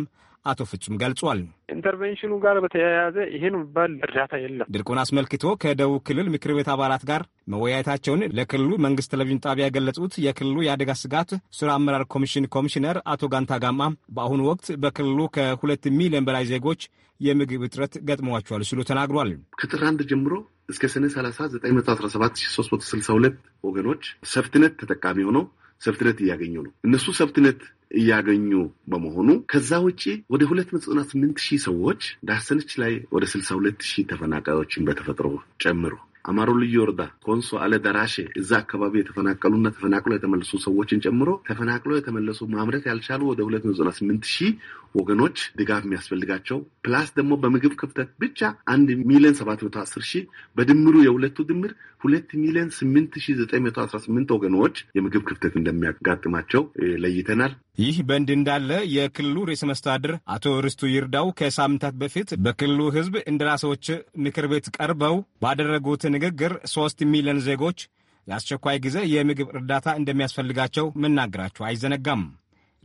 አቶ ፍጹም ገልጿል። ኢንተርቬንሽኑ ጋር በተያያዘ ይህን ባል እርዳታ የለም። ድርቁን አስመልክቶ ከደቡብ ክልል ምክር ቤት አባላት ጋር መወያየታቸውን ለክልሉ መንግስት ቴሌቪዥን ጣቢያ የገለጹት የክልሉ የአደጋ ስጋት ስራ አመራር ኮሚሽን ኮሚሽነር አቶ ጋንታ ጋማ በአሁኑ ወቅት በክልሉ ከሁለት ሚሊዮን በላይ ዜጎች የምግብ እጥረት ገጥመዋቸዋል ሲሉ ተናግሯል። ከጥር አንድ ጀምሮ እስከ ሰኔ 30 917,362 ወገኖች ሰፍትነት ተጠቃሚ ሆነው ሰብትነት እያገኙ ነው። እነሱ ሰብትነት እያገኙ በመሆኑ ከዛ ውጪ ወደ ሁለት መቶ ስምንት ሺህ ሰዎች ዳሰነች ላይ ወደ ስልሳ ሁለት ሺህ ተፈናቃዮችን በተፈጥሮ ጨምሮ አማሮ ልዩ ወረዳ ኮንሶ አለ ደራሼ እዛ አካባቢ የተፈናቀሉና ተፈናቅሎ የተመለሱ ሰዎችን ጨምሮ ተፈናቅሎ የተመለሱ ማምረት ያልቻሉ ወደ ሁለት መቶ ስምንት ሺህ ወገኖች ድጋፍ የሚያስፈልጋቸው ፕላስ ደግሞ በምግብ ክፍተት ብቻ አንድ ሚሊዮን ሰባት መቶ አስር ሺህ በድምሩ የሁለቱ ድምር ሁለት ሚሊዮን ስምንት ሺ ዘጠኝ መቶ አስራ ስምንት ወገኖች የምግብ ክፍተት እንደሚያጋጥማቸው ለይተናል። ይህ በእንዲህ እንዳለ የክልሉ ርዕሰ መስተዳድር አቶ ርስቱ ይርዳው ከሳምንታት በፊት በክልሉ ሕዝብ እንደራሴዎች ምክር ቤት ቀርበው ባደረጉት ንግግር ሶስት ሚሊዮን ዜጎች የአስቸኳይ ጊዜ የምግብ እርዳታ እንደሚያስፈልጋቸው መናገራቸው አይዘነጋም።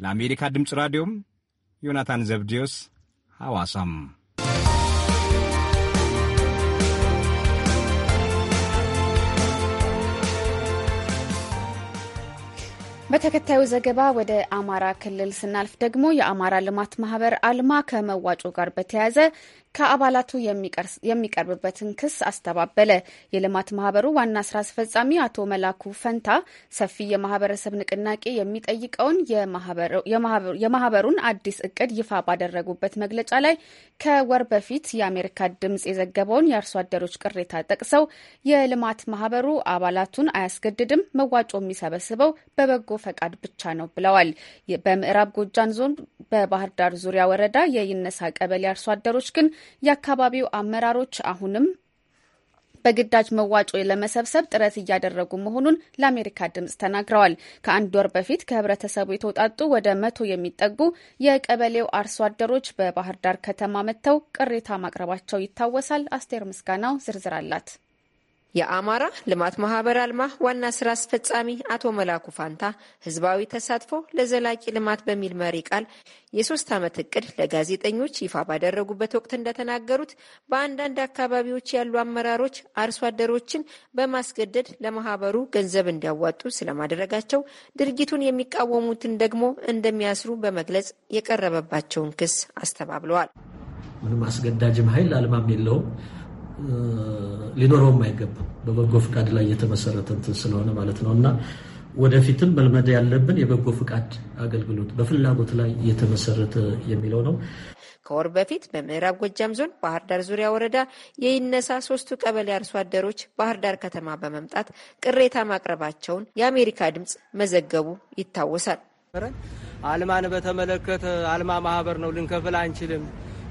ለአሜሪካ ድምፅ ራዲዮም ዮናታን ዘብዲዮስ ሐዋሳም በተከታዩ ዘገባ ወደ አማራ ክልል ስናልፍ ደግሞ የአማራ ልማት ማህበር አልማ ከመዋጮ ጋር በተያያዘ ከአባላቱ የሚቀርብበትን ክስ አስተባበለ። የልማት ማህበሩ ዋና ስራ አስፈጻሚ አቶ መላኩ ፈንታ ሰፊ የማህበረሰብ ንቅናቄ የሚጠይቀውን የማህበሩን አዲስ እቅድ ይፋ ባደረጉበት መግለጫ ላይ ከወር በፊት የአሜሪካ ድምጽ የዘገበውን የአርሶ አደሮች ቅሬታ ጠቅሰው የልማት ማህበሩ አባላቱን አያስገድድም፣ መዋጮ የሚሰበስበው በበጎ ፈቃድ ብቻ ነው ብለዋል። በምዕራብ ጎጃም ዞን በባህር ዳር ዙሪያ ወረዳ የይነሳ ቀበሌ አርሶ አደሮች ግን የአካባቢው አመራሮች አሁንም በግዳጅ መዋጮ ለመሰብሰብ ጥረት እያደረጉ መሆኑን ለአሜሪካ ድምጽ ተናግረዋል። ከአንድ ወር በፊት ከህብረተሰቡ የተውጣጡ ወደ መቶ የሚጠጉ የቀበሌው አርሶ አደሮች በባህር ዳር ከተማ መጥተው ቅሬታ ማቅረባቸው ይታወሳል። አስቴር ምስጋናው ዝርዝር አላት። የአማራ ልማት ማህበር አልማ ዋና ስራ አስፈጻሚ አቶ መላኩ ፋንታ ህዝባዊ ተሳትፎ ለዘላቂ ልማት በሚል መሪ ቃል የሶስት ዓመት እቅድ ለጋዜጠኞች ይፋ ባደረጉበት ወቅት እንደተናገሩት በአንዳንድ አካባቢዎች ያሉ አመራሮች አርሶ አደሮችን በማስገደድ ለማህበሩ ገንዘብ እንዲያዋጡ ስለማድረጋቸው፣ ድርጊቱን የሚቃወሙትን ደግሞ እንደሚያስሩ በመግለጽ የቀረበባቸውን ክስ አስተባብለዋል። ምንም አስገዳጅም ኃይል አልማም የለውም ሊኖረውም አይገባም። በበጎ ፍቃድ ላይ የተመሰረተ እንትን ስለሆነ ማለት ነው እና ወደፊትም መልመድ ያለብን የበጎ ፍቃድ አገልግሎት በፍላጎት ላይ የተመሰረተ የሚለው ነው። ከወር በፊት በምዕራብ ጎጃም ዞን ባህር ዳር ዙሪያ ወረዳ የይነሳ ሶስቱ ቀበሌ አርሶ አደሮች ባህር ዳር ከተማ በመምጣት ቅሬታ ማቅረባቸውን የአሜሪካ ድምፅ መዘገቡ ይታወሳል። አልማን በተመለከተ አልማ ማህበር ነው ልንከፍል አንችልም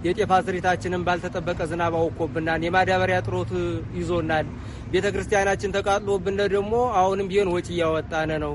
የጤፍ አዝርዕታችንን ባልተጠበቀ ዝናብ አውኮብናል የማዳበሪያ ጥሮት ይዞናል። ቤተ ክርስቲያናችን ተቃጥሎብን ደግሞ አሁንም ቢሆን ወጪ እያወጣነ ነው።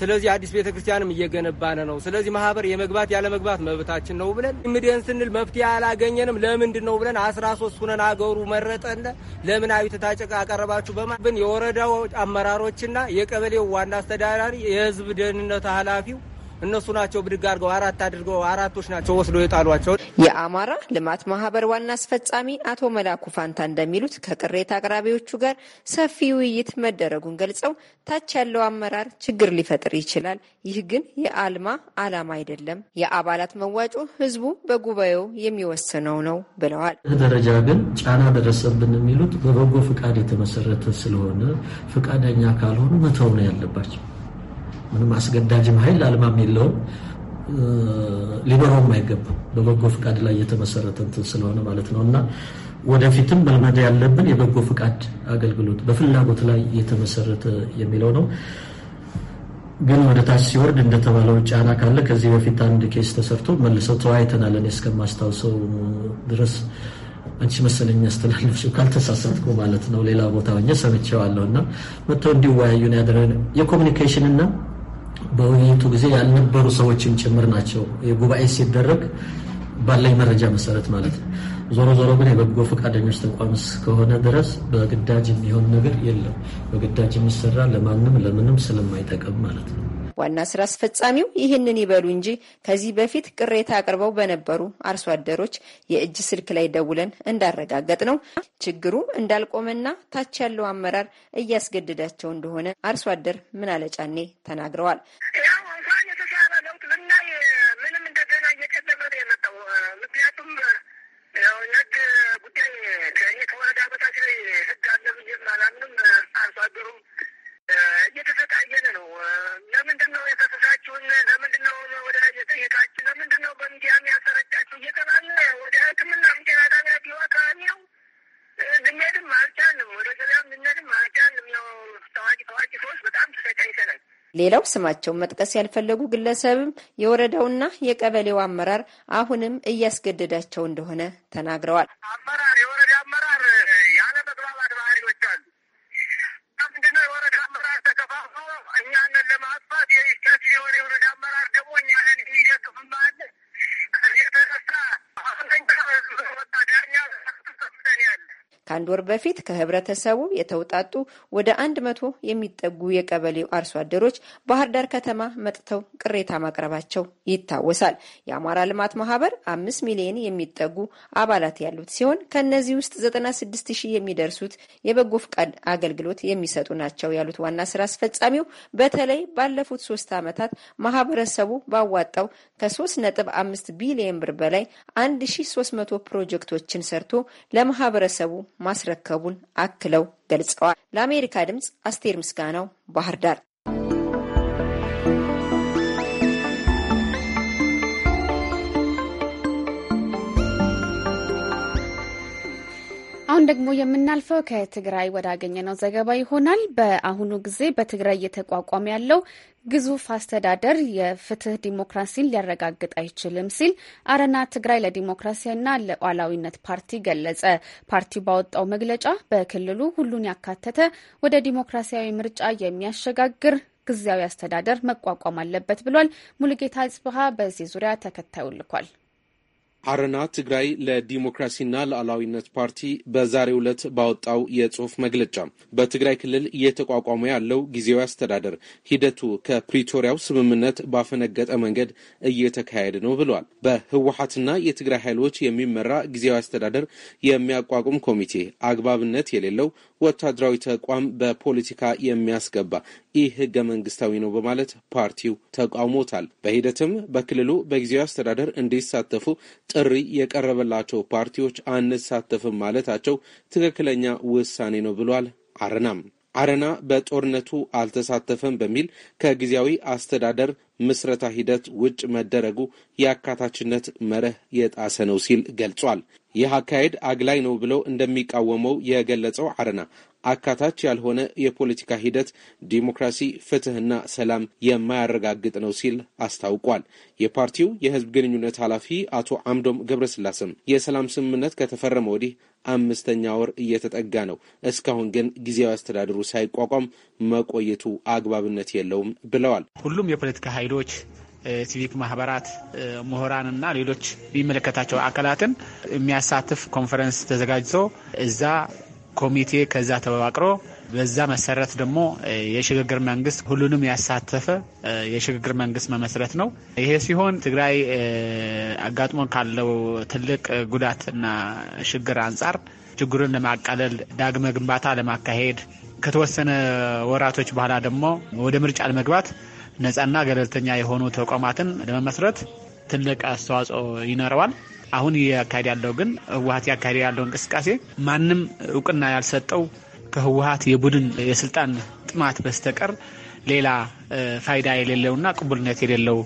ስለዚህ አዲስ ቤተ ክርስቲያንም እየገነባነ ነው። ስለዚህ ማህበር የመግባት ያለመግባት መብታችን ነው ብለን ምድን ስንል መፍትሄ አላገኘንም። ለምንድን ነው ብለን አስራ ሶስት ሁነን አገሩ መረጠን ለምን አቤቱታ አቀረባችሁ? በማን የወረዳው አመራሮችና የቀበሌው ዋና አስተዳዳሪ የህዝብ ደህንነት ኃላፊው እነሱ ናቸው ብድግ አድርገው አራት አድርገው አራቶች ናቸው ወስዶ የጣሏቸው። የአማራ ልማት ማህበር ዋና አስፈጻሚ አቶ መላኩ ፋንታ እንደሚሉት ከቅሬታ አቅራቢዎቹ ጋር ሰፊ ውይይት መደረጉን ገልጸው ታች ያለው አመራር ችግር ሊፈጥር ይችላል። ይህ ግን የአልማ አላማ አይደለም። የአባላት መዋጮ ህዝቡ በጉባኤው የሚወስነው ነው ብለዋል። ደረጃ ግን ጫና ደረሰብን የሚሉት በበጎ ፍቃድ የተመሰረተ ስለሆነ ፍቃደኛ ካልሆኑ መተው ነው ያለባቸው ምንም አስገዳጅም ኃይል አልማም የለውም ሊኖረውም አይገባም። በበጎ ፍቃድ ላይ የተመሰረተ እንትን ስለሆነ ማለት ነው እና ወደፊትም መልመድ ያለብን የበጎ ፍቃድ አገልግሎት በፍላጎት ላይ የተመሰረተ የሚለው ነው። ግን ወደ ታች ሲወርድ እንደተባለው ጫና ካለ ከዚህ በፊት አንድ ኬስ ተሰርቶ መልሰው ተወያይተናል። እኔ እስከማስታውሰው ድረስ አንቺ መሰለኝ ያስተላለፍሽው ካልተሳሳትኩ ማለት ነው። ሌላ ቦታ ሆኜ ሰምቼዋለሁ እና መጥተው እንዲወያዩ ያደረግነው የኮሚኒኬሽንና በውይይቱ ጊዜ ያልነበሩ ሰዎችም ጭምር ናቸው። ጉባኤ ሲደረግ ባለኝ መረጃ መሰረት ማለት ነው። ዞሮ ዞሮ ግን የበጎ ፈቃደኞች ተቋም እስከሆነ ድረስ በግዳጅ የሚሆን ነገር የለም። በግዳጅ የሚሰራ ለማንም ለምንም ስለማይጠቅም ማለት ነው። ዋና ስራ አስፈጻሚው ይህንን ይበሉ እንጂ ከዚህ በፊት ቅሬታ አቅርበው በነበሩ አርሶ አደሮች የእጅ ስልክ ላይ ደውለን እንዳረጋገጥ ነው ችግሩ እንዳልቆመና ታች ያለው አመራር እያስገደዳቸው እንደሆነ አርሶ አደር ምን አለጫኔ ተናግረዋል። ያው ነግ ጉዳይ ከእኔ ከወረዳ በታች ላይ ህግ አለ አላምንም። አርሶ አደሩም እየተሰቃየን ነው። ለምንድን ነው የተሰሳችሁን? ለምንድን ነው ወደ ላይ የጠየቃችሁ? ለምንድን ነው በሚዲያ የሚያሰረጫችሁ? እየተባለ ወደ ሕክምና ጤና ጣቢያ ቢሆን አካባቢው ልንሄድም አልቻልም። ወደ ገበያ ልንሄድም አልቻልም። ያው ታዋቂ ታዋቂ ሰዎች በጣም ተሰቃይተናል። ሌላው ስማቸውን መጥቀስ ያልፈለጉ ግለሰብም የወረዳውና የቀበሌው አመራር አሁንም እያስገደዳቸው እንደሆነ ተናግረዋል። አመራር የወረዳ አመራር የሚሸጡም አለ። የተነሳ ዳኛ ከአንድ ወር በፊት ከህብረተሰቡ የተውጣጡ ወደ አንድ መቶ የሚጠጉ የቀበሌው አርሶ አደሮች ባህር ዳር ከተማ መጥተው ቅሬታ ማቅረባቸው ይታወሳል። የአማራ ልማት ማህበር አምስት ሚሊዮን የሚጠጉ አባላት ያሉት ሲሆን ከእነዚህ ውስጥ ዘጠና ስድስት ሺህ የሚደርሱት የበጎ ፍቃድ አገልግሎት የሚሰጡ ናቸው ያሉት ዋና ስራ አስፈጻሚው በተለይ ባለፉት ሶስት ዓመታት ማህበረሰቡ ባዋጣው ከሶስት ነጥብ አምስት ቢሊየን ብር በላይ አንድ ሺህ ሶስት መቶ ፕሮጀክቶችን ሰርቶ ለማህበረሰቡ ማስረከቡን አክለው ገልጸዋል። ለአሜሪካ ድምፅ አስቴር ምስጋናው ባህር ዳር አሁን ደግሞ የምናልፈው ከትግራይ ወዳገኘነው ዘገባ ይሆናል። በአሁኑ ጊዜ በትግራይ እየተቋቋመ ያለው ግዙፍ አስተዳደር የፍትህ ዲሞክራሲን ሊያረጋግጥ አይችልም ሲል አረና ትግራይ ለዲሞክራሲና ለሉዓላዊነት ፓርቲ ገለጸ። ፓርቲው ባወጣው መግለጫ በክልሉ ሁሉን ያካተተ ወደ ዲሞክራሲያዊ ምርጫ የሚያሸጋግር ጊዜያዊ አስተዳደር መቋቋም አለበት ብሏል። ሙሉጌታ ጽብሃ በዚህ ዙሪያ ተከታዩ ልኳል። አረና ትግራይ ለዲሞክራሲና ለአላዊነት ፓርቲ በዛሬው ዕለት ባወጣው የጽሑፍ መግለጫ በትግራይ ክልል እየተቋቋመ ያለው ጊዜያዊ አስተዳደር ሂደቱ ከፕሪቶሪያው ስምምነት ባፈነገጠ መንገድ እየተካሄደ ነው ብሏል። በህወሀትና የትግራይ ኃይሎች የሚመራ ጊዜያዊ አስተዳደር የሚያቋቁም ኮሚቴ አግባብነት የሌለው ወታደራዊ ተቋም በፖለቲካ የሚያስገባ ይህ ህገ መንግስታዊ ነው በማለት ፓርቲው ተቃውሞታል። በሂደትም በክልሉ በጊዜያዊ አስተዳደር እንዲሳተፉ ጥሪ የቀረበላቸው ፓርቲዎች አንሳተፍም ማለታቸው ትክክለኛ ውሳኔ ነው ብሏል። አረናም አረና በጦርነቱ አልተሳተፈም በሚል ከጊዜያዊ አስተዳደር ምስረታ ሂደት ውጭ መደረጉ የአካታችነት መርህ የጣሰ ነው ሲል ገልጿል። ይህ አካሄድ አግላይ ነው ብለው እንደሚቃወመው የገለጸው አረና አካታች ያልሆነ የፖለቲካ ሂደት ዲሞክራሲ፣ ፍትህና ሰላም የማያረጋግጥ ነው ሲል አስታውቋል። የፓርቲው የህዝብ ግንኙነት ኃላፊ አቶ አምዶም ገብረስላሴም የሰላም ስምምነት ከተፈረመ ወዲህ አምስተኛ ወር እየተጠጋ ነው። እስካሁን ግን ጊዜያዊ አስተዳደሩ ሳይቋቋም መቆየቱ አግባብነት የለውም ብለዋል። ሁሉም የፖለቲካ ኃይሎች ሲቪክ ማህበራት፣ ምሁራን ሌሎች የሚመለከታቸው አካላትን የሚያሳትፍ ኮንፈረንስ ተዘጋጅቶ እዛ ኮሚቴ ከዛ ተዋቅሮ በዛ መሰረት ደግሞ የሽግግር መንግስት ሁሉንም ያሳተፈ የሽግግር መንግስት መመስረት ነው። ይሄ ሲሆን ትግራይ አጋጥሞ ካለው ትልቅ ጉዳትና ችግር አንጻር ችግሩን ለማቃለል ዳግመ ግንባታ ለማካሄድ ከተወሰነ ወራቶች በኋላ ደግሞ ወደ ምርጫ ለመግባት ነፃና ገለልተኛ የሆኑ ተቋማትን ለመመስረት ትልቅ አስተዋጽኦ ይኖረዋል። አሁን እያካሄድ ያለው ግን ህወሀት እያካሄድ ያለው እንቅስቃሴ ማንም እውቅና ያልሰጠው ከህወሀት የቡድን የስልጣን ጥማት በስተቀር ሌላ ፋይዳ የሌለውና ቅቡልነት የሌለው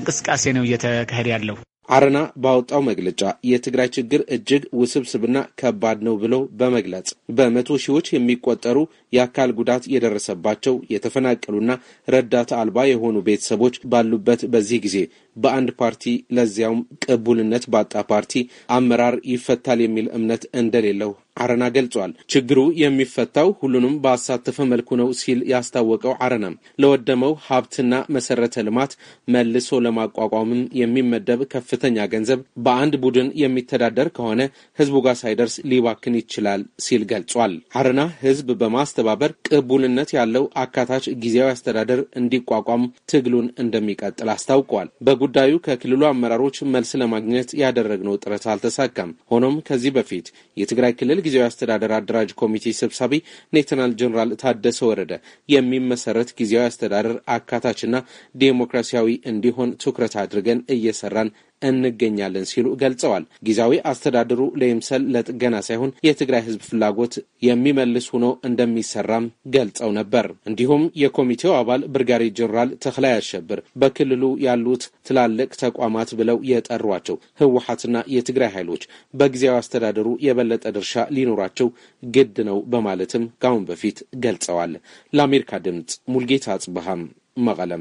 እንቅስቃሴ ነው እየተካሄደ ያለው። አረና ባወጣው መግለጫ የትግራይ ችግር እጅግ ውስብስብና ከባድ ነው ብሎ በመግለጽ በመቶ ሺዎች የሚቆጠሩ የአካል ጉዳት የደረሰባቸው የተፈናቀሉና ረዳት አልባ የሆኑ ቤተሰቦች ባሉበት በዚህ ጊዜ በአንድ ፓርቲ ለዚያውም ቅቡልነት ባጣ ፓርቲ አመራር ይፈታል የሚል እምነት እንደሌለው አረና ገልጿል። ችግሩ የሚፈታው ሁሉንም ባሳተፈ መልኩ ነው ሲል ያስታወቀው አረና ለወደመው ሀብትና መሰረተ ልማት መልሶ ለማቋቋምም የሚመደብ ከፍተኛ ገንዘብ በአንድ ቡድን የሚተዳደር ከሆነ ህዝቡ ጋር ሳይደርስ ሊባክን ይችላል ሲል ገልጿል። አረና ህዝብ በማስ ለማስተባበር ቅቡልነት ያለው አካታች ጊዜያዊ አስተዳደር እንዲቋቋም ትግሉን እንደሚቀጥል አስታውቋል። በጉዳዩ ከክልሉ አመራሮች መልስ ለማግኘት ያደረግነው ጥረት አልተሳካም። ሆኖም ከዚህ በፊት የትግራይ ክልል ጊዜያዊ አስተዳደር አደራጅ ኮሚቴ ሰብሳቢ ሌተናል ጀኔራል ታደሰ ወረደ የሚመሰረት ጊዜያዊ አስተዳደር አካታችና ዴሞክራሲያዊ እንዲሆን ትኩረት አድርገን እየሰራን እንገኛለን ሲሉ ገልጸዋል። ጊዜያዊ አስተዳደሩ ለይምሰል ለጥገና ሳይሆን የትግራይ ህዝብ ፍላጎት የሚመልስ ሆኖ እንደሚሰራም ገልጸው ነበር። እንዲሁም የኮሚቴው አባል ብርጋዴ ጀኔራል ተክላይ አሸብር በክልሉ ያሉት ትላልቅ ተቋማት ብለው የጠሯቸው ህወሀትና የትግራይ ኃይሎች በጊዜያዊ አስተዳደሩ የበለጠ ድርሻ ሊኖራቸው ግድ ነው በማለትም ከአሁን በፊት ገልጸዋል። ለአሜሪካ ድምፅ ሙልጌታ አጽብሃም መቀለም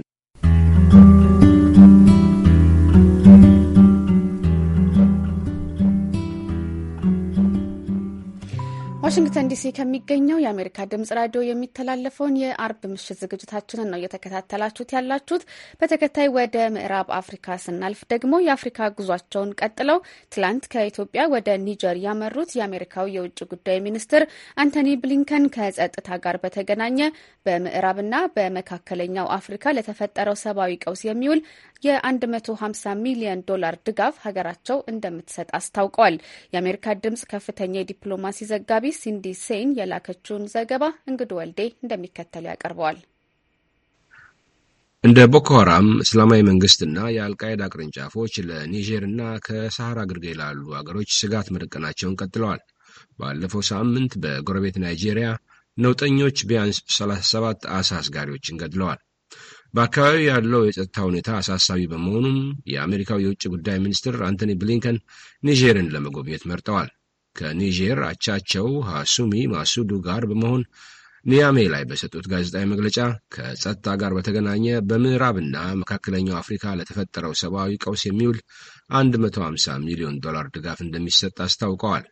ዋሽንግተን ዲሲ ከሚገኘው የአሜሪካ ድምጽ ራዲዮ የሚተላለፈውን የአርብ ምሽት ዝግጅታችንን ነው እየተከታተላችሁት ያላችሁት። በተከታይ ወደ ምዕራብ አፍሪካ ስናልፍ ደግሞ የአፍሪካ ጉዟቸውን ቀጥለው ትላንት ከኢትዮጵያ ወደ ኒጀር ያመሩት የአሜሪካው የውጭ ጉዳይ ሚኒስትር አንቶኒ ብሊንከን ከጸጥታ ጋር በተገናኘ በምዕራብና በመካከለኛው አፍሪካ ለተፈጠረው ሰብአዊ ቀውስ የሚውል የ150 ሚሊዮን ዶላር ድጋፍ ሀገራቸው እንደምትሰጥ አስታውቀዋል። የአሜሪካ ድምጽ ከፍተኛ የዲፕሎማሲ ዘጋቢ ሲንዲ ሴይን የላከችውን ዘገባ እንግድ ወልዴ እንደሚከተል ያቀርበዋል። እንደ ቦኮ ሀራም፣ እስላማዊ መንግስትና የአልቃይዳ ቅርንጫፎች ለኒጀር እና ከሰሃራ ግርጌ ላሉ አገሮች ስጋት መደቀናቸውን ቀጥለዋል። ባለፈው ሳምንት በጎረቤት ናይጄሪያ ነውጠኞች ቢያንስ 37 አሳ አስጋሪዎችን ገድለዋል። በአካባቢው ያለው የጸጥታ ሁኔታ አሳሳቢ በመሆኑም የአሜሪካው የውጭ ጉዳይ ሚኒስትር አንቶኒ ብሊንከን ኒጀርን ለመጎብኘት መርጠዋል። ከኒጀር አቻቸው ሃሱሚ ማሱዱ ጋር በመሆን ኒያሜ ላይ በሰጡት ጋዜጣዊ መግለጫ ከጸጥታ ጋር በተገናኘ በምዕራብና መካከለኛው አፍሪካ ለተፈጠረው ሰብአዊ ቀውስ የሚውል 150 ሚሊዮን ዶላር ድጋፍ እንደሚሰጥ አስታውቀዋል።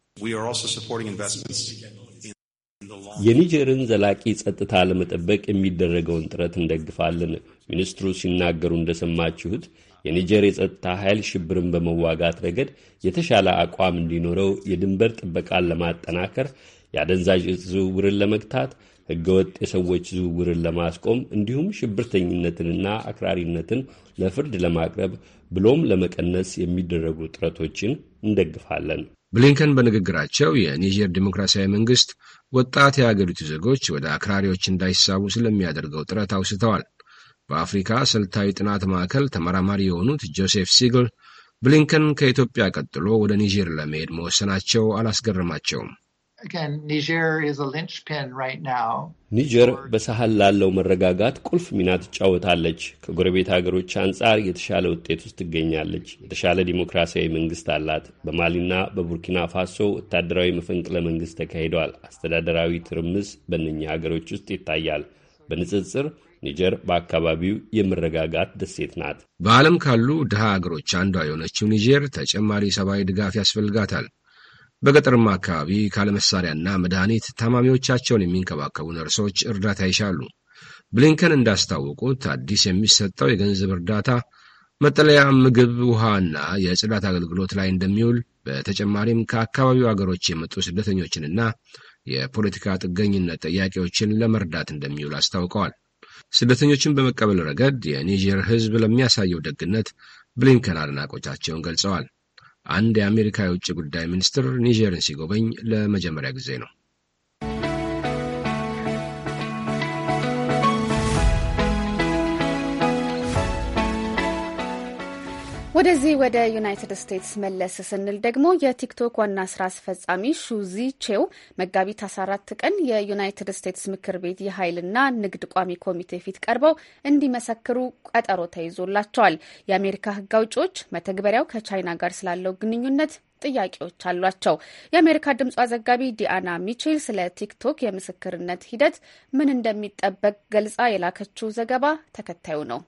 የኒጀርን ዘላቂ ጸጥታ ለመጠበቅ የሚደረገውን ጥረት እንደግፋለን። ሚኒስትሩ ሲናገሩ እንደሰማችሁት የኒጀር የጸጥታ ኃይል ሽብርን በመዋጋት ረገድ የተሻለ አቋም እንዲኖረው የድንበር ጥበቃን ለማጠናከር፣ የአደንዛዥ እጽ ዝውውርን ለመግታት፣ ህገወጥ የሰዎች ዝውውርን ለማስቆም እንዲሁም ሽብርተኝነትንና አክራሪነትን ለፍርድ ለማቅረብ ብሎም ለመቀነስ የሚደረጉ ጥረቶችን እንደግፋለን። ብሊንከን በንግግራቸው የኒጀር ዲሞክራሲያዊ መንግስት ወጣት የአገሪቱ ዜጎች ወደ አክራሪዎች እንዳይሳቡ ስለሚያደርገው ጥረት አውስተዋል። በአፍሪካ ስልታዊ ጥናት ማዕከል ተመራማሪ የሆኑት ጆሴፍ ሲግል ብሊንከን ከኢትዮጵያ ቀጥሎ ወደ ኒጀር ለመሄድ መወሰናቸው አላስገረማቸውም። ኒጀር በሳህል ላለው መረጋጋት ቁልፍ ሚና ትጫወታለች። ከጎረቤት ሀገሮች አንጻር የተሻለ ውጤት ውስጥ ትገኛለች። የተሻለ ዲሞክራሲያዊ መንግስት አላት። በማሊና በቡርኪና ፋሶ ወታደራዊ መፈንቅለ መንግስት ተካሂደዋል። አስተዳደራዊ ትርምስ በእነኚህ ሀገሮች ውስጥ ይታያል። በንጽጽር ኒጀር በአካባቢው የመረጋጋት ደሴት ናት። በዓለም ካሉ ድሃ አገሮች አንዷ የሆነችው ኒጀር ተጨማሪ ሰብአዊ ድጋፍ ያስፈልጋታል። በገጠርማ አካባቢ ካለመሳሪያና መድኃኒት ታማሚዎቻቸውን የሚንከባከቡ ነርሶች እርዳታ ይሻሉ። ብሊንከን እንዳስታወቁት አዲስ የሚሰጠው የገንዘብ እርዳታ መጠለያ፣ ምግብ፣ ውሃና የጽዳት አገልግሎት ላይ እንደሚውል በተጨማሪም ከአካባቢው አገሮች የመጡ ስደተኞችንና የፖለቲካ ጥገኝነት ጥያቄዎችን ለመርዳት እንደሚውል አስታውቀዋል። ስደተኞችን በመቀበል ረገድ የኒጀር ሕዝብ ለሚያሳየው ደግነት ብሊንከን አድናቆቻቸውን ገልጸዋል። አንድ የአሜሪካ የውጭ ጉዳይ ሚኒስትር ኒጀርን ሲጎበኝ ለመጀመሪያ ጊዜ ነው። ወደዚህ ወደ ዩናይትድ ስቴትስ መለስ ስንል ደግሞ የቲክቶክ ዋና ስራ አስፈጻሚ ሹዚ ቼው መጋቢት 14 ቀን የዩናይትድ ስቴትስ ምክር ቤት የኃይልና ንግድ ቋሚ ኮሚቴ ፊት ቀርበው እንዲመሰክሩ ቀጠሮ ተይዞላቸዋል። የአሜሪካ ሕግ አውጪዎች መተግበሪያው ከቻይና ጋር ስላለው ግንኙነት ጥያቄዎች አሏቸው። የአሜሪካ ድምጿ ዘጋቢ ዲአና ሚቼል ስለ ቲክቶክ የምስክርነት ሂደት ምን እንደሚጠበቅ ገልጻ የላከችው ዘገባ ተከታዩ ነው።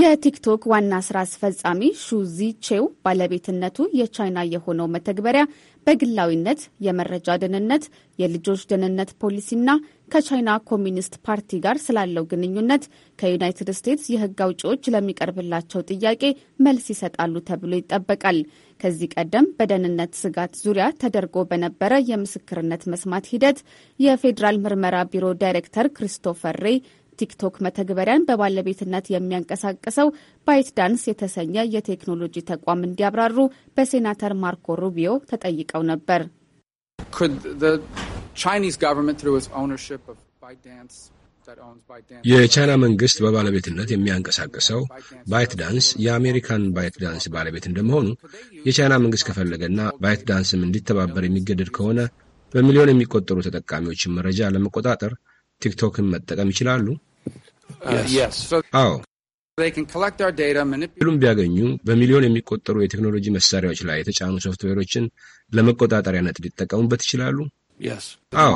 የቲክቶክ ዋና ስራ አስፈጻሚ ሹዚ ቼው ባለቤትነቱ የቻይና የሆነው መተግበሪያ በግላዊነት የመረጃ ደህንነት፣ የልጆች ደህንነት ፖሊሲና ከቻይና ኮሚኒስት ፓርቲ ጋር ስላለው ግንኙነት ከዩናይትድ ስቴትስ የሕግ አውጪዎች ለሚቀርብላቸው ጥያቄ መልስ ይሰጣሉ ተብሎ ይጠበቃል። ከዚህ ቀደም በደህንነት ስጋት ዙሪያ ተደርጎ በነበረ የምስክርነት መስማት ሂደት የፌዴራል ምርመራ ቢሮ ዳይሬክተር ክሪስቶፈር ሬይ ቲክቶክ መተግበሪያን በባለቤትነት የሚያንቀሳቅሰው ባይት ዳንስ የተሰኘ የቴክኖሎጂ ተቋም እንዲያብራሩ በሴናተር ማርኮ ሩቢዮ ተጠይቀው ነበር። የቻይና መንግስት በባለቤትነት የሚያንቀሳቅሰው ባይት ዳንስ የአሜሪካን ባይት ዳንስ ባለቤት እንደመሆኑ የቻይና መንግስት ከፈለገና ባይት ዳንስም እንዲተባበር የሚገደድ ከሆነ በሚሊዮን የሚቆጠሩ ተጠቃሚዎችን መረጃ ለመቆጣጠር ቲክቶክን መጠቀም ይችላሉ? Uh, አዎ ሁሉም ቢያገኙ በሚሊዮን የሚቆጠሩ የቴክኖሎጂ መሳሪያዎች ላይ የተጫኑ ሶፍትዌሮችን ለመቆጣጠሪያ ነጥ ሊጠቀሙበት ይችላሉ? አዎ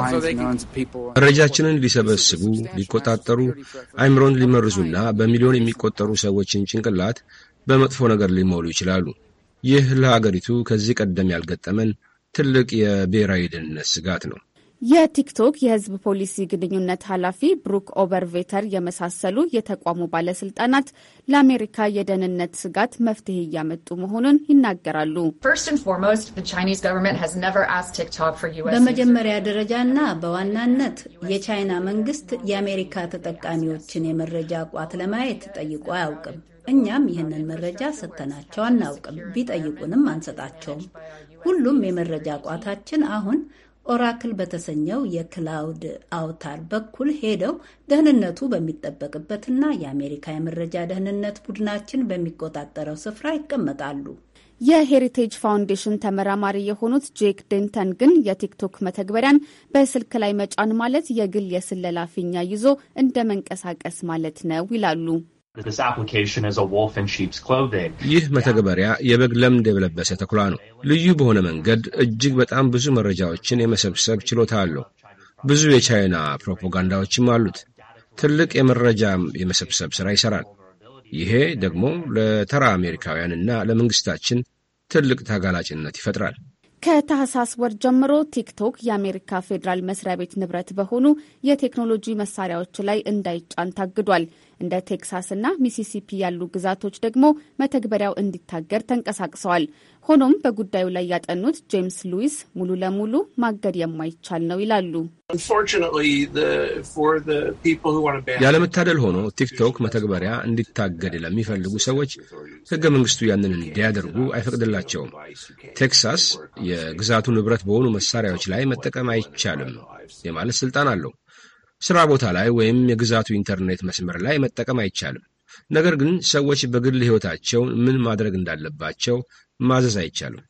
መረጃችንን ሊሰበስቡ፣ ሊቆጣጠሩ፣ አይምሮን ሊመርዙና በሚሊዮን የሚቆጠሩ ሰዎችን ጭንቅላት በመጥፎ ነገር ሊሞሉ ይችላሉ። ይህ ለሀገሪቱ ከዚህ ቀደም ያልገጠመን ትልቅ የብሔራዊ ደህንነት ስጋት ነው። የቲክቶክ የህዝብ ፖሊሲ ግንኙነት ኃላፊ ብሩክ ኦበርቬተር የመሳሰሉ የተቋሙ ባለስልጣናት ለአሜሪካ የደህንነት ስጋት መፍትሄ እያመጡ መሆኑን ይናገራሉ። በመጀመሪያ ደረጃና በዋናነት የቻይና መንግስት የአሜሪካ ተጠቃሚዎችን የመረጃ ቋት ለማየት ጠይቆ አያውቅም። እኛም ይህንን መረጃ ሰጥተናቸው አናውቅም። ቢጠይቁንም አንሰጣቸውም። ሁሉም የመረጃ ቋታችን አሁን ኦራክል በተሰኘው የክላውድ አውታር በኩል ሄደው ደህንነቱ በሚጠበቅበትና የአሜሪካ የመረጃ ደህንነት ቡድናችን በሚቆጣጠረው ስፍራ ይቀመጣሉ። የሄሪቴጅ ፋውንዴሽን ተመራማሪ የሆኑት ጄክ ዴንተን ግን የቲክቶክ መተግበሪያን በስልክ ላይ መጫን ማለት የግል የስለላ ፊኛ ይዞ እንደ መንቀሳቀስ ማለት ነው ይላሉ። ይህ መተግበሪያ የበግ ለምድ የለበሰ ተኩላ ነው። ልዩ በሆነ መንገድ እጅግ በጣም ብዙ መረጃዎችን የመሰብሰብ ችሎታ አለው። ብዙ የቻይና ፕሮፓጋንዳዎችም አሉት። ትልቅ የመረጃ የመሰብሰብ ሥራ ይሠራል። ይሄ ደግሞ ለተራ አሜሪካውያንና ለመንግሥታችን ትልቅ ተጋላጭነት ይፈጥራል። ከታህሳስ ወር ጀምሮ ቲክቶክ የአሜሪካ ፌዴራል መስሪያ ቤት ንብረት በሆኑ የቴክኖሎጂ መሳሪያዎች ላይ እንዳይጫን ታግዷል። እንደ ቴክሳስ እና ሚሲሲፒ ያሉ ግዛቶች ደግሞ መተግበሪያው እንዲታገድ ተንቀሳቅሰዋል። ሆኖም በጉዳዩ ላይ ያጠኑት ጄምስ ሉዊስ ሙሉ ለሙሉ ማገድ የማይቻል ነው ይላሉ። ያለመታደል ሆኖ ቲክቶክ መተግበሪያ እንዲታገድ ለሚፈልጉ ሰዎች ሕገ መንግስቱ ያንን እንዲያደርጉ አይፈቅድላቸውም። ቴክሳስ የግዛቱ ንብረት በሆኑ መሳሪያዎች ላይ መጠቀም አይቻልም የማለት ስልጣን አለው። ስራ ቦታ ላይ ወይም የግዛቱ ኢንተርኔት መስመር ላይ መጠቀም አይቻልም። ነገር ግን ሰዎች በግል ሕይወታቸው ምን ማድረግ እንዳለባቸው ማዘዝ አይቻልም።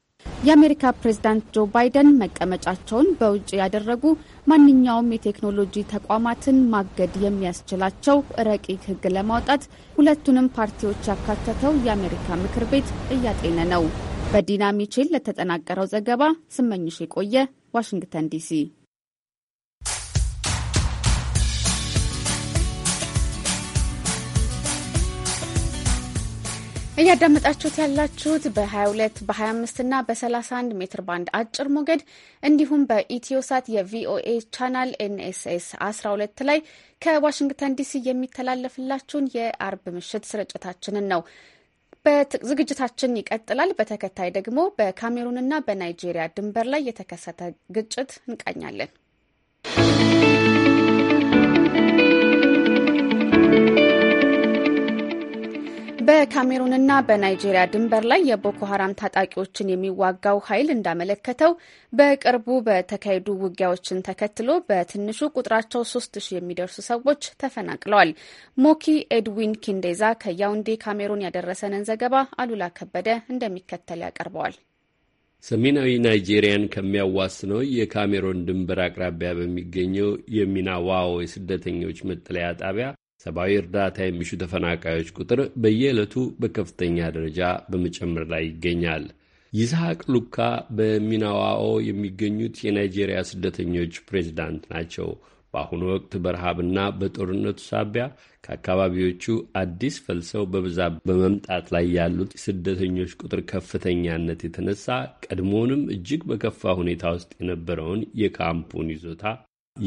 የአሜሪካ ፕሬዝዳንት ጆ ባይደን መቀመጫቸውን በውጭ ያደረጉ ማንኛውም የቴክኖሎጂ ተቋማትን ማገድ የሚያስችላቸው ረቂቅ ሕግ ለማውጣት ሁለቱንም ፓርቲዎች ያካተተው የአሜሪካ ምክር ቤት እያጤነ ነው። በዲና ሚችል ለተጠናቀረው ዘገባ ስመኝሽ የቆየ ዋሽንግተን ዲሲ እያዳመጣችሁት ያላችሁት በ22 በ25 እና በ31 ሜትር ባንድ አጭር ሞገድ እንዲሁም በኢትዮሳት የቪኦኤ ቻናል ኤንኤስኤስ 12 ላይ ከዋሽንግተን ዲሲ የሚተላለፍላችሁን የአርብ ምሽት ስርጭታችንን ነው። ዝግጅታችን ይቀጥላል። በተከታይ ደግሞ በካሜሩንና በናይጄሪያ ድንበር ላይ የተከሰተ ግጭት እንቃኛለን። በካሜሩንና በናይጄሪያ ድንበር ላይ የቦኮ ሀራም ታጣቂዎችን የሚዋጋው ኃይል እንዳመለከተው በቅርቡ በተካሄዱ ውጊያዎችን ተከትሎ በትንሹ ቁጥራቸው ሶስት ሺህ የሚደርሱ ሰዎች ተፈናቅለዋል። ሞኪ ኤድዊን ኪንዴዛ ከያውንዴ ካሜሩን ያደረሰንን ዘገባ አሉላ ከበደ እንደሚከተል ያቀርበዋል። ሰሜናዊ ናይጄሪያን ከሚያዋስነው የካሜሮን ድንበር አቅራቢያ በሚገኘው የሚናዋዎ የስደተኞች መጠለያ ጣቢያ ሰብአዊ እርዳታ የሚሹ ተፈናቃዮች ቁጥር በየዕለቱ በከፍተኛ ደረጃ በመጨመር ላይ ይገኛል። ይስሐቅ ሉካ በሚናዋኦ የሚገኙት የናይጄሪያ ስደተኞች ፕሬዚዳንት ናቸው። በአሁኑ ወቅት በረሃብና በጦርነቱ ሳቢያ ከአካባቢዎቹ አዲስ ፈልሰው በብዛት በመምጣት ላይ ያሉት ስደተኞች ቁጥር ከፍተኛነት የተነሳ ቀድሞውንም እጅግ በከፋ ሁኔታ ውስጥ የነበረውን የካምፑን ይዞታ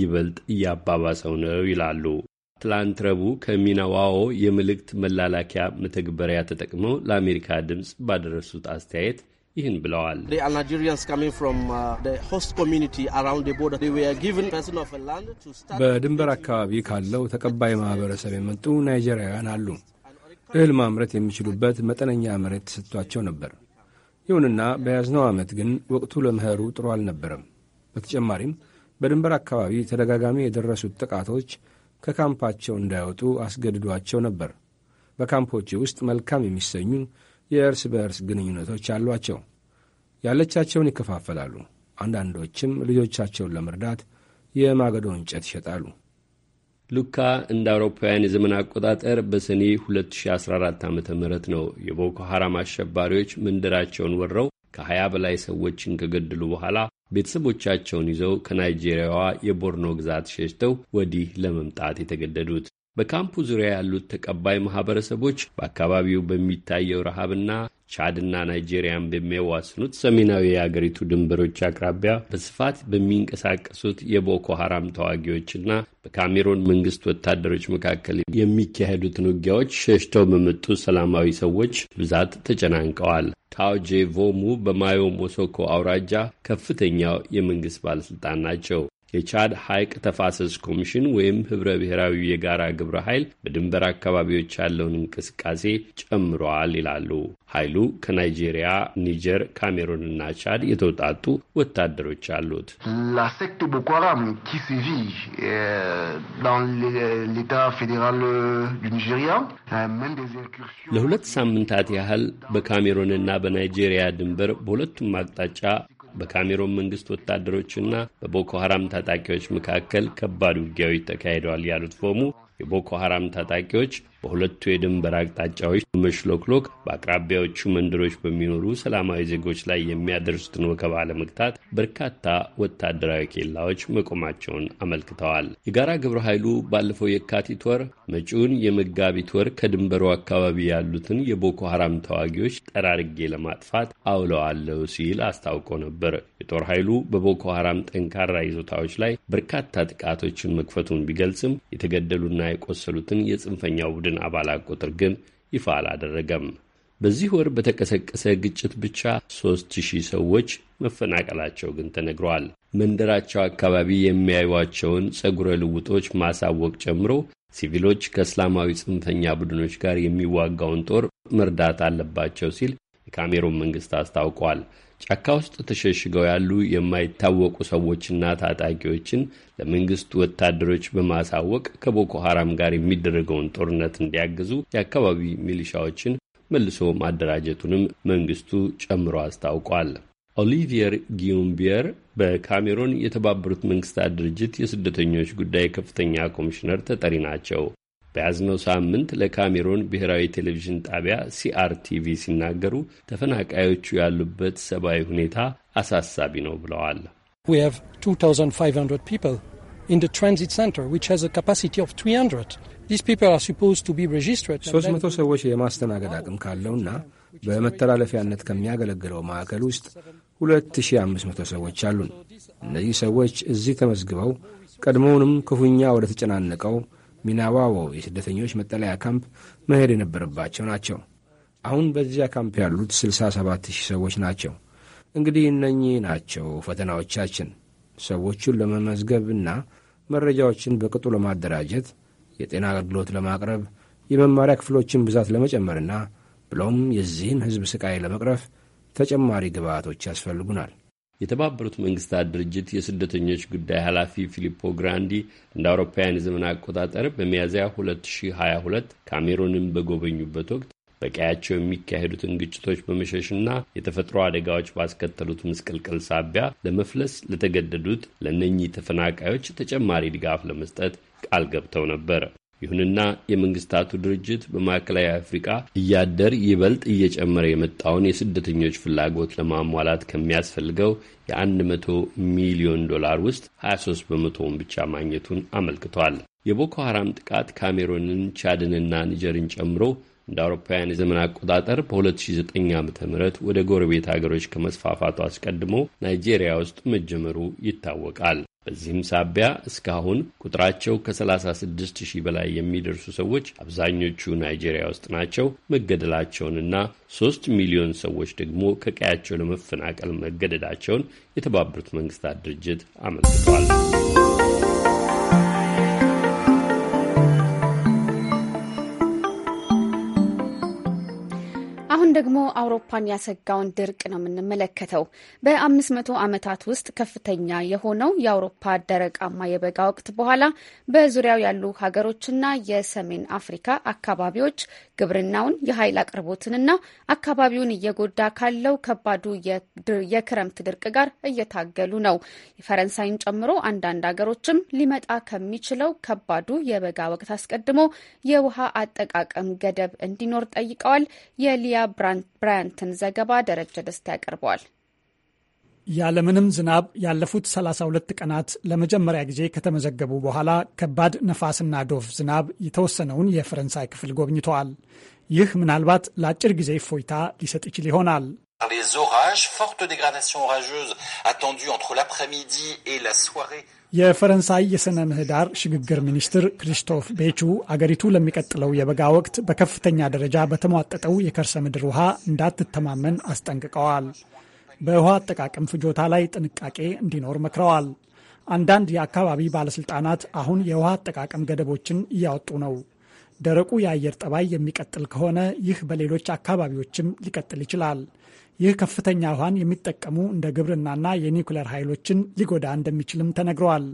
ይበልጥ እያባባሰው ነው ይላሉ። ትላንት ረቡዕ ከሚናዋዎ መላላኪያ መተግበሪያ ተጠቅመው ለአሜሪካ ድምፅ ባደረሱት አስተያየት ይህን ብለዋል። uh, በድንበር አካባቢ ካለው ተቀባይ ማህበረሰብ የመጡ ናይጄሪያውያን አሉ። እህል ማምረት የሚችሉበት መጠነኛ መሬት ተሰጥቷቸው ነበር። ይሁንና በያዝነው ዓመት ግን ወቅቱ ለመኸሩ ጥሩ አልነበረም። በተጨማሪም በድንበር አካባቢ ተደጋጋሚ የደረሱት ጥቃቶች ከካምፓቸው እንዳይወጡ አስገድዷቸው ነበር። በካምፖች ውስጥ መልካም የሚሰኙ የእርስ በእርስ ግንኙነቶች አሏቸው። ያለቻቸውን ይከፋፈላሉ። አንዳንዶችም ልጆቻቸውን ለመርዳት የማገዶ እንጨት ይሸጣሉ። ሉካ እንደ አውሮፓውያን የዘመን አቆጣጠር በሰኔ 2014 ዓ ም ነው የቦኮ ሐራም አሸባሪዎች መንደራቸውን ወረው ከሀያ በላይ ሰዎችን ከገደሉ በኋላ ቤተሰቦቻቸውን ይዘው ከናይጄሪያዋ የቦርኖ ግዛት ሸሽተው ወዲህ ለመምጣት የተገደዱት በካምፑ ዙሪያ ያሉት ተቀባይ ማህበረሰቦች በአካባቢው በሚታየው ረሃብና ቻድና ናይጄሪያን በሚያዋስኑት ሰሜናዊ የአገሪቱ ድንበሮች አቅራቢያ በስፋት በሚንቀሳቀሱት የቦኮ ሀራም ተዋጊዎችና በካሜሮን መንግስት ወታደሮች መካከል የሚካሄዱትን ውጊያዎች ሸሽተው በመጡ ሰላማዊ ሰዎች ብዛት ተጨናንቀዋል። ታውጄ ቮሙ በማዮ ሞሶኮ አውራጃ ከፍተኛው የመንግስት ባለሥልጣን ናቸው። የቻድ ሐይቅ ተፋሰስ ኮሚሽን ወይም ህብረ ብሔራዊ የጋራ ግብረ ኃይል በድንበር አካባቢዎች ያለውን እንቅስቃሴ ጨምሯል ይላሉ። ኃይሉ ከናይጄሪያ፣ ኒጀር፣ ካሜሩን እና ቻድ የተውጣጡ ወታደሮች አሉት። ሌታ ፌዴራል ኒጄሪያ ለሁለት ሳምንታት ያህል በካሜሩንና በናይጄሪያ ድንበር በሁለቱም አቅጣጫ በካሜሮን መንግስት ወታደሮችና በቦኮ ሀራም ታጣቂዎች መካከል ከባድ ውጊያዎች ተካሂደዋል ያሉት ፎሙ የቦኮ ሐራም ታጣቂዎች በሁለቱ የድንበር አቅጣጫዎች መሽሎክሎክ በአቅራቢያዎቹ መንደሮች በሚኖሩ ሰላማዊ ዜጎች ላይ የሚያደርሱትን ወከባ ለመግታት በርካታ ወታደራዊ ኬላዎች መቆማቸውን አመልክተዋል። የጋራ ግብረ ኃይሉ ባለፈው የካቲት ወር መጪውን የመጋቢት ወር ከድንበሩ አካባቢ ያሉትን የቦኮ ሐራም ተዋጊዎች ጠራርጌ ለማጥፋት አውለዋለሁ ሲል አስታውቆ ነበር። የጦር ኃይሉ በቦኮ ሐራም ጠንካራ ይዞታዎች ላይ በርካታ ጥቃቶችን መክፈቱን ቢገልጽም የተገደሉና የቆሰሉትን የጽንፈኛው ቡድን አባላት ቁጥር ግን ይፋ አላደረገም። በዚህ ወር በተቀሰቀሰ ግጭት ብቻ ሦስት ሺህ ሰዎች መፈናቀላቸው ግን ተነግረዋል። መንደራቸው አካባቢ የሚያዩቸውን ጸጉረ ልውጦች ማሳወቅ ጨምሮ ሲቪሎች ከእስላማዊ ጽንፈኛ ቡድኖች ጋር የሚዋጋውን ጦር መርዳት አለባቸው ሲል የካሜሩን መንግሥት አስታውቋል። ጫካ ውስጥ ተሸሽገው ያሉ የማይታወቁ ሰዎችና ታጣቂዎችን ለመንግስት ወታደሮች በማሳወቅ ከቦኮ ሐራም ጋር የሚደረገውን ጦርነት እንዲያግዙ የአካባቢ ሚሊሻዎችን መልሶ ማደራጀቱንም መንግስቱ ጨምሮ አስታውቋል። ኦሊቪየር ጊዩምቢየር በካሜሮን የተባበሩት መንግስታት ድርጅት የስደተኞች ጉዳይ ከፍተኛ ኮሚሽነር ተጠሪ ናቸው። በያዝነው ሳምንት ለካሜሮን ብሔራዊ ቴሌቪዥን ጣቢያ ሲአርቲቪ ሲናገሩ ተፈናቃዮቹ ያሉበት ሰብአዊ ሁኔታ አሳሳቢ ነው ብለዋል። ሶስት መቶ ሰዎች የማስተናገድ አቅም ካለውና በመተላለፊያነት ከሚያገለግለው ማዕከል ውስጥ 2500 ሰዎች አሉን። እነዚህ ሰዎች እዚህ ተመዝግበው ቀድሞውንም ክፉኛ ወደ ተጨናነቀው ሚናዋዎ የስደተኞች መጠለያ ካምፕ መሄድ የነበረባቸው ናቸው። አሁን በዚያ ካምፕ ያሉት 67 ሺህ ሰዎች ናቸው። እንግዲህ እነኚህ ናቸው ፈተናዎቻችን። ሰዎቹን ለመመዝገብና መረጃዎችን በቅጡ ለማደራጀት የጤና አገልግሎት ለማቅረብ የመማሪያ ክፍሎችን ብዛት ለመጨመርና ብሎም የዚህን ሕዝብ ሥቃይ ለመቅረፍ ተጨማሪ ግብዓቶች ያስፈልጉናል። የተባበሩት መንግስታት ድርጅት የስደተኞች ጉዳይ ኃላፊ ፊሊፖ ግራንዲ እንደ አውሮፓውያን የዘመን አቆጣጠር በሚያዝያ 2022 ካሜሩንን በጎበኙበት ወቅት በቀያቸው የሚካሄዱትን ግጭቶች በመሸሽና የተፈጥሮ አደጋዎች ባስከተሉት ምስቅልቅል ሳቢያ ለመፍለስ ለተገደዱት ለነኚህ ተፈናቃዮች ተጨማሪ ድጋፍ ለመስጠት ቃል ገብተው ነበር። ይሁንና የመንግስታቱ ድርጅት በማዕከላዊ አፍሪቃ እያደር ይበልጥ እየጨመረ የመጣውን የስደተኞች ፍላጎት ለማሟላት ከሚያስፈልገው የ100 ሚሊዮን ዶላር ውስጥ 23 በመቶውን ብቻ ማግኘቱን አመልክቷል። የቦኮ ሐራም ጥቃት ካሜሮንን፣ ቻድንና ኒጀርን ጨምሮ እንደ አውሮፓውያን የዘመን አቆጣጠር በ2009 ዓ ም ወደ ጎረቤት ሀገሮች ከመስፋፋቱ አስቀድሞ ናይጄሪያ ውስጥ መጀመሩ ይታወቃል። በዚህም ሳቢያ እስካሁን ቁጥራቸው ከ36 ሺህ በላይ የሚደርሱ ሰዎች አብዛኞቹ ናይጄሪያ ውስጥ ናቸው መገደላቸውንና ሶስት ሚሊዮን ሰዎች ደግሞ ከቀያቸው ለመፈናቀል መገደዳቸውን የተባበሩት መንግስታት ድርጅት አመልክቷል። ደግሞ አውሮፓን ያሰጋውን ድርቅ ነው የምንመለከተው። በ በ500 ዓመታት ውስጥ ከፍተኛ የሆነው የአውሮፓ ደረቃማ የበጋ ወቅት በኋላ በዙሪያው ያሉ ሀገሮችና የሰሜን አፍሪካ አካባቢዎች ግብርናውን፣ የኃይል አቅርቦትንና አካባቢውን እየጎዳ ካለው ከባዱ የክረምት ድርቅ ጋር እየታገሉ ነው። ፈረንሳይን ጨምሮ አንዳንድ ሀገሮችም ሊመጣ ከሚችለው ከባዱ የበጋ ወቅት አስቀድሞ የውሃ አጠቃቀም ገደብ እንዲኖር ጠይቀዋል። የሊያ ብራያንትን ዘገባ ደረጀ ደስታ ያቀርበዋል። ያለምንም ዝናብ ያለፉት 32 ቀናት ለመጀመሪያ ጊዜ ከተመዘገቡ በኋላ ከባድ ነፋስና ዶፍ ዝናብ የተወሰነውን የፈረንሳይ ክፍል ጎብኝተዋል። ይህ ምናልባት ለአጭር ጊዜ እፎይታ ሊሰጥ ይችል ይሆናል። የፈረንሳይ የሥነ ምህዳር ሽግግር ሚኒስትር ክሪስቶፍ ቤቹ አገሪቱ ለሚቀጥለው የበጋ ወቅት በከፍተኛ ደረጃ በተሟጠጠው የከርሰ ምድር ውሃ እንዳትተማመን አስጠንቅቀዋል። በውሃ አጠቃቀም ፍጆታ ላይ ጥንቃቄ እንዲኖር መክረዋል። አንዳንድ የአካባቢ ባለስልጣናት አሁን የውሃ አጠቃቀም ገደቦችን እያወጡ ነው። ደረቁ የአየር ጠባይ የሚቀጥል ከሆነ ይህ በሌሎች አካባቢዎችም ሊቀጥል ይችላል። ይህ ከፍተኛ ውሃን የሚጠቀሙ እንደ ግብርናና የኒውክለር ኃይሎችን ሊጎዳ እንደሚችልም ተነግረዋል።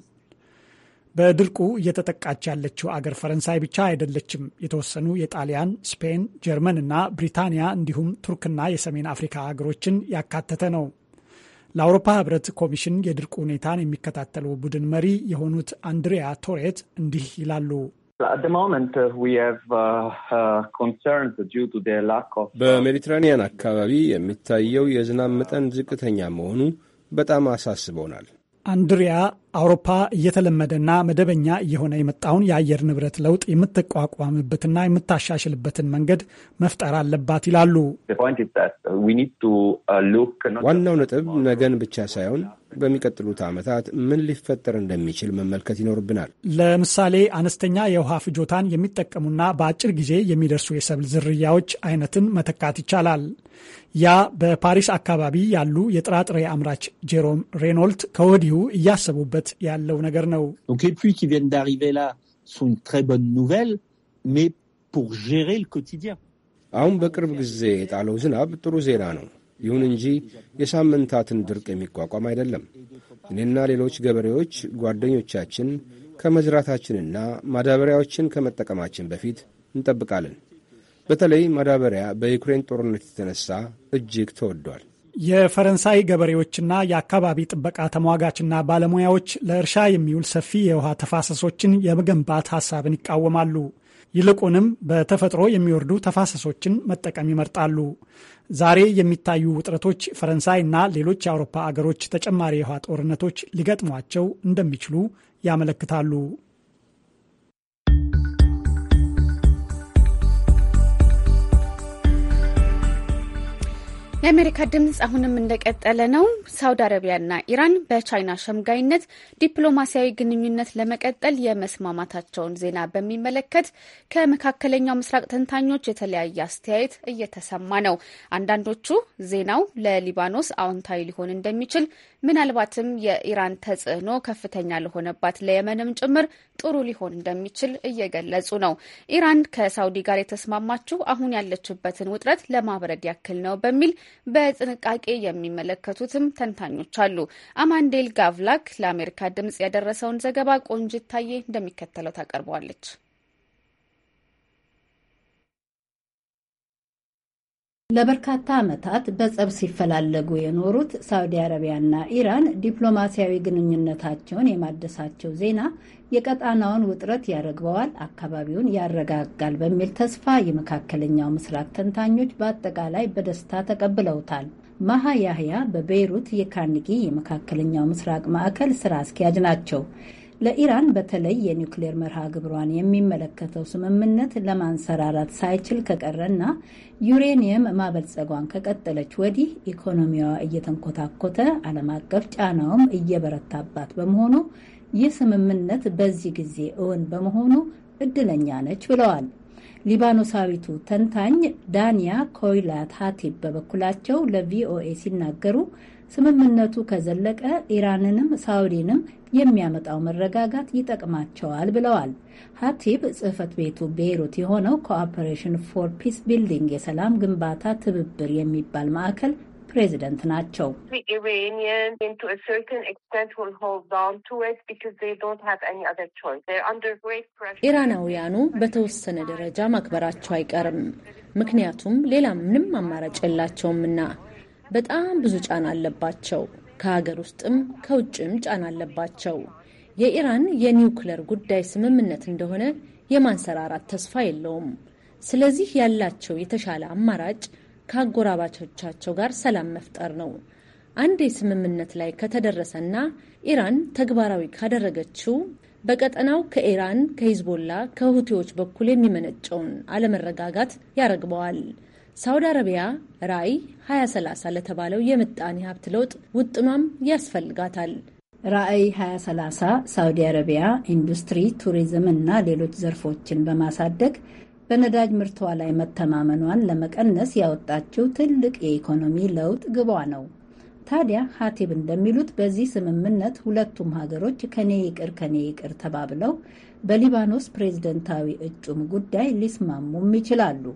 በድርቁ እየተጠቃች ያለችው አገር ፈረንሳይ ብቻ አይደለችም። የተወሰኑ የጣሊያን፣ ስፔን፣ ጀርመን እና ብሪታንያ እንዲሁም ቱርክና የሰሜን አፍሪካ ሀገሮችን ያካተተ ነው። ለአውሮፓ ህብረት ኮሚሽን የድርቁ ሁኔታን የሚከታተሉ ቡድን መሪ የሆኑት አንድሪያ ቶሬት እንዲህ ይላሉ። በሜዲትራኒያን አካባቢ የሚታየው የዝናብ መጠን ዝቅተኛ መሆኑ በጣም አሳስበውናል። አንድሪያ አውሮፓ እየተለመደና መደበኛ እየሆነ የመጣውን የአየር ንብረት ለውጥ የምትቋቋምበትና የምታሻሽልበትን መንገድ መፍጠር አለባት ይላሉ። uh, ዋናው ነጥብ ነገን ብቻ ሳይሆን በሚቀጥሉት ዓመታት ምን ሊፈጠር እንደሚችል መመልከት ይኖርብናል። ለምሳሌ አነስተኛ የውሃ ፍጆታን የሚጠቀሙና በአጭር ጊዜ የሚደርሱ የሰብል ዝርያዎች አይነትን መተካት ይቻላል። ያ በፓሪስ አካባቢ ያሉ የጥራጥሬ አምራች ጄሮም ሬኖልት ከወዲሁ እያሰቡበት ያለው ነገር ነው። አሁን በቅርብ ጊዜ የጣለው ዝናብ ጥሩ ዜና ነው ይሁን እንጂ የሳምንታትን ድርቅ የሚቋቋም አይደለም። እኔና ሌሎች ገበሬዎች ጓደኞቻችን ከመዝራታችንና ማዳበሪያዎችን ከመጠቀማችን በፊት እንጠብቃለን። በተለይ ማዳበሪያ በዩክሬን ጦርነት የተነሳ እጅግ ተወዷል። የፈረንሳይ ገበሬዎችና የአካባቢ ጥበቃ ተሟጋችና ባለሙያዎች ለእርሻ የሚውል ሰፊ የውሃ ተፋሰሶችን የመገንባት ሐሳብን ይቃወማሉ። ይልቁንም በተፈጥሮ የሚወርዱ ተፋሰሶችን መጠቀም ይመርጣሉ። ዛሬ የሚታዩ ውጥረቶች ፈረንሳይ እና ሌሎች የአውሮፓ አገሮች ተጨማሪ የውሃ ጦርነቶች ሊገጥሟቸው እንደሚችሉ ያመለክታሉ። የአሜሪካ ድምፅ አሁንም እንደቀጠለ ነው። ሳውዲ አረቢያና ኢራን በቻይና ሸምጋይነት ዲፕሎማሲያዊ ግንኙነት ለመቀጠል የመስማማታቸውን ዜና በሚመለከት ከመካከለኛው ምስራቅ ተንታኞች የተለያየ አስተያየት እየተሰማ ነው። አንዳንዶቹ ዜናው ለሊባኖስ አዎንታዊ ሊሆን እንደሚችል ምናልባትም የኢራን ተጽዕኖ ከፍተኛ ለሆነባት ለየመንም ጭምር ጥሩ ሊሆን እንደሚችል እየገለጹ ነው። ኢራን ከሳውዲ ጋር የተስማማችው አሁን ያለችበትን ውጥረት ለማብረድ ያክል ነው በሚል በጥንቃቄ የሚመለከቱትም ተንታኞች አሉ። አማንዴል ጋቭላክ ለአሜሪካ ድምጽ ያደረሰውን ዘገባ ቆንጅት ታዬ እንደሚከተለው ታቀርበዋለች። ለበርካታ ዓመታት በጸብ ሲፈላለጉ የኖሩት ሳዑዲ አረቢያና ኢራን ዲፕሎማሲያዊ ግንኙነታቸውን የማደሳቸው ዜና የቀጣናውን ውጥረት ያረግበዋል፣ አካባቢውን ያረጋጋል በሚል ተስፋ የመካከለኛው ምስራቅ ተንታኞች በአጠቃላይ በደስታ ተቀብለውታል። ማሃ ያህያ በቤይሩት የካርኒጊ የመካከለኛው ምስራቅ ማዕከል ስራ አስኪያጅ ናቸው። ለኢራን በተለይ የኒውክሌር መርሃ ግብሯን የሚመለከተው ስምምነት ለማንሰራራት ሳይችል ከቀረና ዩሬኒየም ማበልጸጓን ከቀጠለች ወዲህ ኢኮኖሚዋ እየተንኮታኮተ ዓለም አቀፍ ጫናውም እየበረታባት በመሆኑ ይህ ስምምነት በዚህ ጊዜ እውን በመሆኑ እድለኛ ነች ብለዋል። ሊባኖሳዊቱ ተንታኝ ዳንያ ኮይላት ሀቲብ በበኩላቸው ለቪኦኤ ሲናገሩ ስምምነቱ ከዘለቀ ኢራንንም ሳውዲንም የሚያመጣው መረጋጋት ይጠቅማቸዋል ብለዋል። ሀቲብ ጽህፈት ቤቱ ቤይሩት የሆነው ኮኦፐሬሽን ፎር ፒስ ቢልዲንግ የሰላም ግንባታ ትብብር የሚባል ማዕከል ፕሬዚደንት ናቸው። ኢራናውያኑ በተወሰነ ደረጃ ማክበራቸው አይቀርም፣ ምክንያቱም ሌላ ምንም አማራጭ የላቸውምና በጣም ብዙ ጫና አለባቸው። ከሀገር ውስጥም ከውጭም ጫና አለባቸው። የኢራን የኒውክለር ጉዳይ ስምምነት እንደሆነ የማንሰራራት ተስፋ የለውም። ስለዚህ ያላቸው የተሻለ አማራጭ ከአጎራባቾቻቸው ጋር ሰላም መፍጠር ነው። አንድ የስምምነት ላይ ከተደረሰና ኢራን ተግባራዊ ካደረገችው በቀጠናው ከኢራን ከሂዝቦላ፣ ከሁቴዎች በኩል የሚመነጨውን አለመረጋጋት ያረግበዋል። ሳውዲ አረቢያ ራዕይ 2030 ለተባለው የምጣኔ ሀብት ለውጥ ውጥኗም ያስፈልጋታል። ራዕይ 2030 ሳውዲ አረቢያ ኢንዱስትሪ፣ ቱሪዝም እና ሌሎች ዘርፎችን በማሳደግ በነዳጅ ምርቷ ላይ መተማመኗን ለመቀነስ ያወጣችው ትልቅ የኢኮኖሚ ለውጥ ግቧ ነው። ታዲያ ሀቲብ እንደሚሉት በዚህ ስምምነት ሁለቱም ሀገሮች ከኔ ይቅር ከኔ ይቅር ተባብለው በሊባኖስ ፕሬዝደንታዊ እጩም ጉዳይ ሊስማሙም ይችላሉ።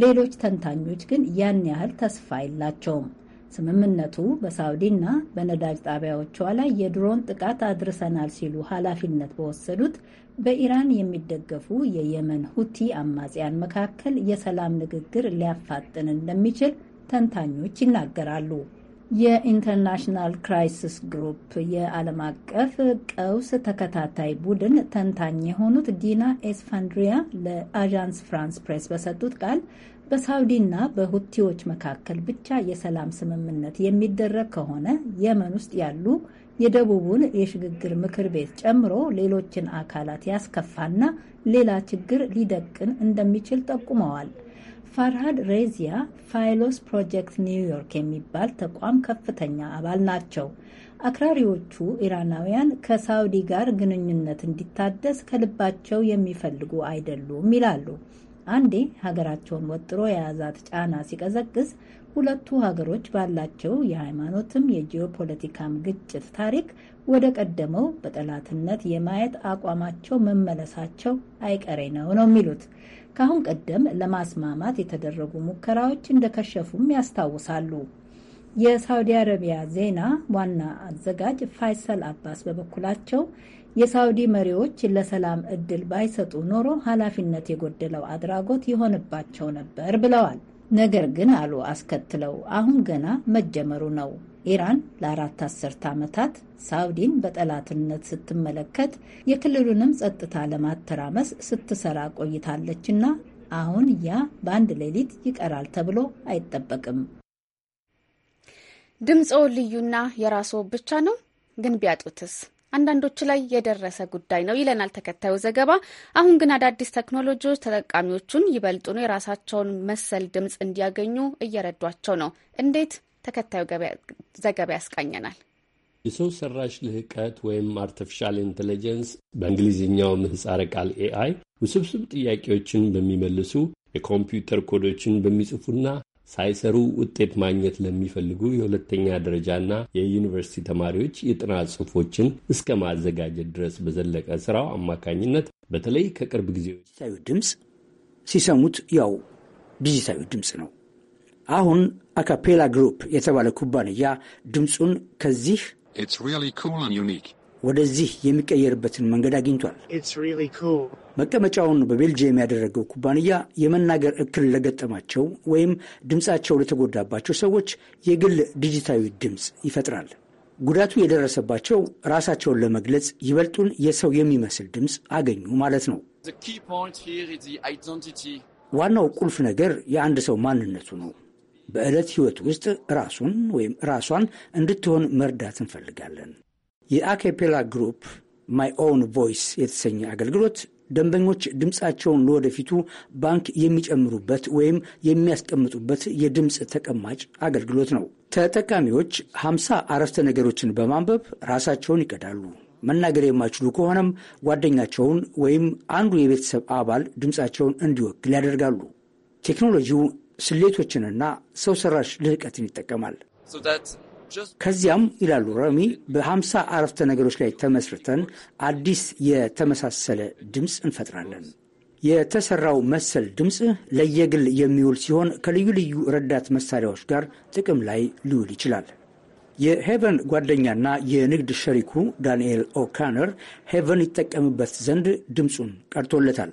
ሌሎች ተንታኞች ግን ያን ያህል ተስፋ የላቸውም። ስምምነቱ በሳውዲና በነዳጅ ጣቢያዎቿ ላይ የድሮን ጥቃት አድርሰናል ሲሉ ኃላፊነት በወሰዱት በኢራን የሚደገፉ የየመን ሁቲ አማጽያን መካከል የሰላም ንግግር ሊያፋጥን እንደሚችል ተንታኞች ይናገራሉ። የኢንተርናሽናል ክራይሲስ ግሩፕ የዓለም አቀፍ ቀውስ ተከታታይ ቡድን ተንታኝ የሆኑት ዲና ኤስፋንድሪያ ለአዣንስ ፍራንስ ፕሬስ በሰጡት ቃል በሳውዲና በሁቲዎች መካከል ብቻ የሰላም ስምምነት የሚደረግ ከሆነ የመን ውስጥ ያሉ የደቡቡን የሽግግር ምክር ቤት ጨምሮ ሌሎችን አካላት ያስከፋና ሌላ ችግር ሊደቅን እንደሚችል ጠቁመዋል። ፋርሃድ ሬዚያ ፋይሎስ ፕሮጀክት ኒውዮርክ የሚባል ተቋም ከፍተኛ አባል ናቸው። አክራሪዎቹ ኢራናውያን ከሳውዲ ጋር ግንኙነት እንዲታደስ ከልባቸው የሚፈልጉ አይደሉም ይላሉ። አንዴ ሀገራቸውን ወጥሮ የያዛት ጫና ሲቀዘቅዝ ሁለቱ ሀገሮች ባላቸው የሃይማኖትም የጂኦፖለቲካም ግጭት ታሪክ ወደ ቀደመው በጠላትነት የማየት አቋማቸው መመለሳቸው አይቀሬ ነው ነው የሚሉት። ከአሁን ቀደም ለማስማማት የተደረጉ ሙከራዎች እንደከሸፉም ያስታውሳሉ። የሳውዲ አረቢያ ዜና ዋና አዘጋጅ ፋይሰል አባስ በበኩላቸው የሳውዲ መሪዎች ለሰላም እድል ባይሰጡ ኖሮ ኃላፊነት የጎደለው አድራጎት ይሆንባቸው ነበር ብለዋል። ነገር ግን አሉ አስከትለው አሁን ገና መጀመሩ ነው። ኢራን ለአራት አስርት ዓመታት ሳውዲን በጠላትነት ስትመለከት የክልሉንም ጸጥታ ለማተራመስ ስትሰራ ቆይታለችና አሁን ያ በአንድ ሌሊት ይቀራል ተብሎ አይጠበቅም። ድምፆ ልዩና የራስዎ ብቻ ነው ግን ቢያጡትስ አንዳንዶች ላይ የደረሰ ጉዳይ ነው ይለናል ተከታዩ ዘገባ። አሁን ግን አዳዲስ ቴክኖሎጂዎች ተጠቃሚዎቹን ይበልጡኑ የራሳቸውን መሰል ድምፅ እንዲያገኙ እየረዷቸው ነው። እንዴት ተከታዩ ዘገባ ያስቃኘናል። የሰው ሰራሽ ልህቀት ወይም አርቲፊሻል ኢንቴሊጀንስ በእንግሊዝኛው ምህፃረ ቃል ኤአይ ውስብስብ ጥያቄዎችን በሚመልሱ የኮምፒውተር ኮዶችን በሚጽፉና ሳይሰሩ ውጤት ማግኘት ለሚፈልጉ የሁለተኛ ደረጃና የዩኒቨርሲቲ ተማሪዎች የጥናት ጽሑፎችን እስከ ማዘጋጀት ድረስ በዘለቀ ስራው አማካኝነት በተለይ ከቅርብ ጊዜ ድምፅ ሲሰሙት ያው ዲጂታዊ ድምፅ ነው። አሁን አካፔላ ግሩፕ የተባለ ኩባንያ ድምፁን ከዚህ ወደዚህ የሚቀየርበትን መንገድ አግኝቷል። መቀመጫውን በቤልጅየም ያደረገው ኩባንያ የመናገር እክል ለገጠማቸው ወይም ድምፃቸው ለተጎዳባቸው ሰዎች የግል ዲጂታዊ ድምፅ ይፈጥራል። ጉዳቱ የደረሰባቸው ራሳቸውን ለመግለጽ ይበልጡን የሰው የሚመስል ድምፅ አገኙ ማለት ነው። ዋናው ቁልፍ ነገር የአንድ ሰው ማንነቱ ነው። በዕለት ሕይወት ውስጥ ራሱን ወይም ራሷን እንድትሆን መርዳት እንፈልጋለን። የአኬፔላ ግሩፕ ማይ ኦውን ቮይስ የተሰኘ አገልግሎት ደንበኞች ድምፃቸውን ለወደፊቱ ባንክ የሚጨምሩበት ወይም የሚያስቀምጡበት የድምፅ ተቀማጭ አገልግሎት ነው። ተጠቃሚዎች ሀምሳ አረፍተ ነገሮችን በማንበብ ራሳቸውን ይቀዳሉ። መናገር የማይችሉ ከሆነም ጓደኛቸውን ወይም አንዱ የቤተሰብ አባል ድምፃቸውን እንዲወክል ያደርጋሉ። ቴክኖሎጂው ስሌቶችንና ሰው ሰራሽ ልህቀትን ይጠቀማል። ከዚያም ይላሉ ረሚ፣ በሀምሳ አረፍተ ነገሮች ላይ ተመስርተን አዲስ የተመሳሰለ ድምፅ እንፈጥራለን። የተሰራው መሰል ድምፅ ለየግል የሚውል ሲሆን ከልዩ ልዩ ረዳት መሳሪያዎች ጋር ጥቅም ላይ ሊውል ይችላል። የሄቨን ጓደኛና የንግድ ሸሪኩ ዳንኤል ኦካነር ሄቨን ይጠቀምበት ዘንድ ድምፁን ቀርቶለታል።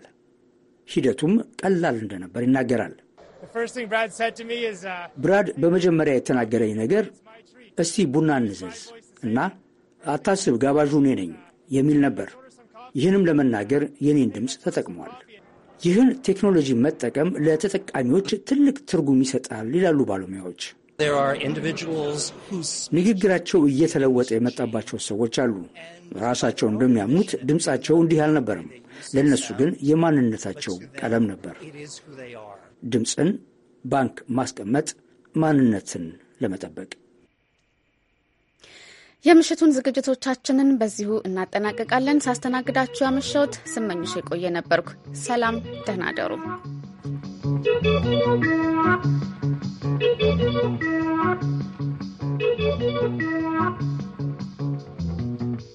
ሂደቱም ቀላል እንደነበር ይናገራል። ብራድ uh, በመጀመሪያ የተናገረኝ ነገር እስቲ ቡና እንዘዝ እና አታስብ ጋባዡ እኔ ነኝ የሚል ነበር። ይህንም ለመናገር የኔን ድምፅ ተጠቅሟል። ይህን ቴክኖሎጂ መጠቀም ለተጠቃሚዎች ትልቅ ትርጉም ይሰጣል ይላሉ ባለሙያዎች። ንግግራቸው እየተለወጠ የመጣባቸው ሰዎች አሉ። ራሳቸው እንደሚያምኑት ድምፃቸው እንዲህ አልነበረም። ለእነሱ ግን የማንነታቸው ቀለም ነበር። ድምፅን፣ ባንክ ማስቀመጥ፣ ማንነትን ለመጠበቅ የምሽቱን ዝግጅቶቻችንን በዚሁ እናጠናቀቃለን። ሳስተናግዳችሁ ያመሸሁት ስመኝሽ የቆየ ነበርኩ። ሰላም፣ ደህና አደሩ።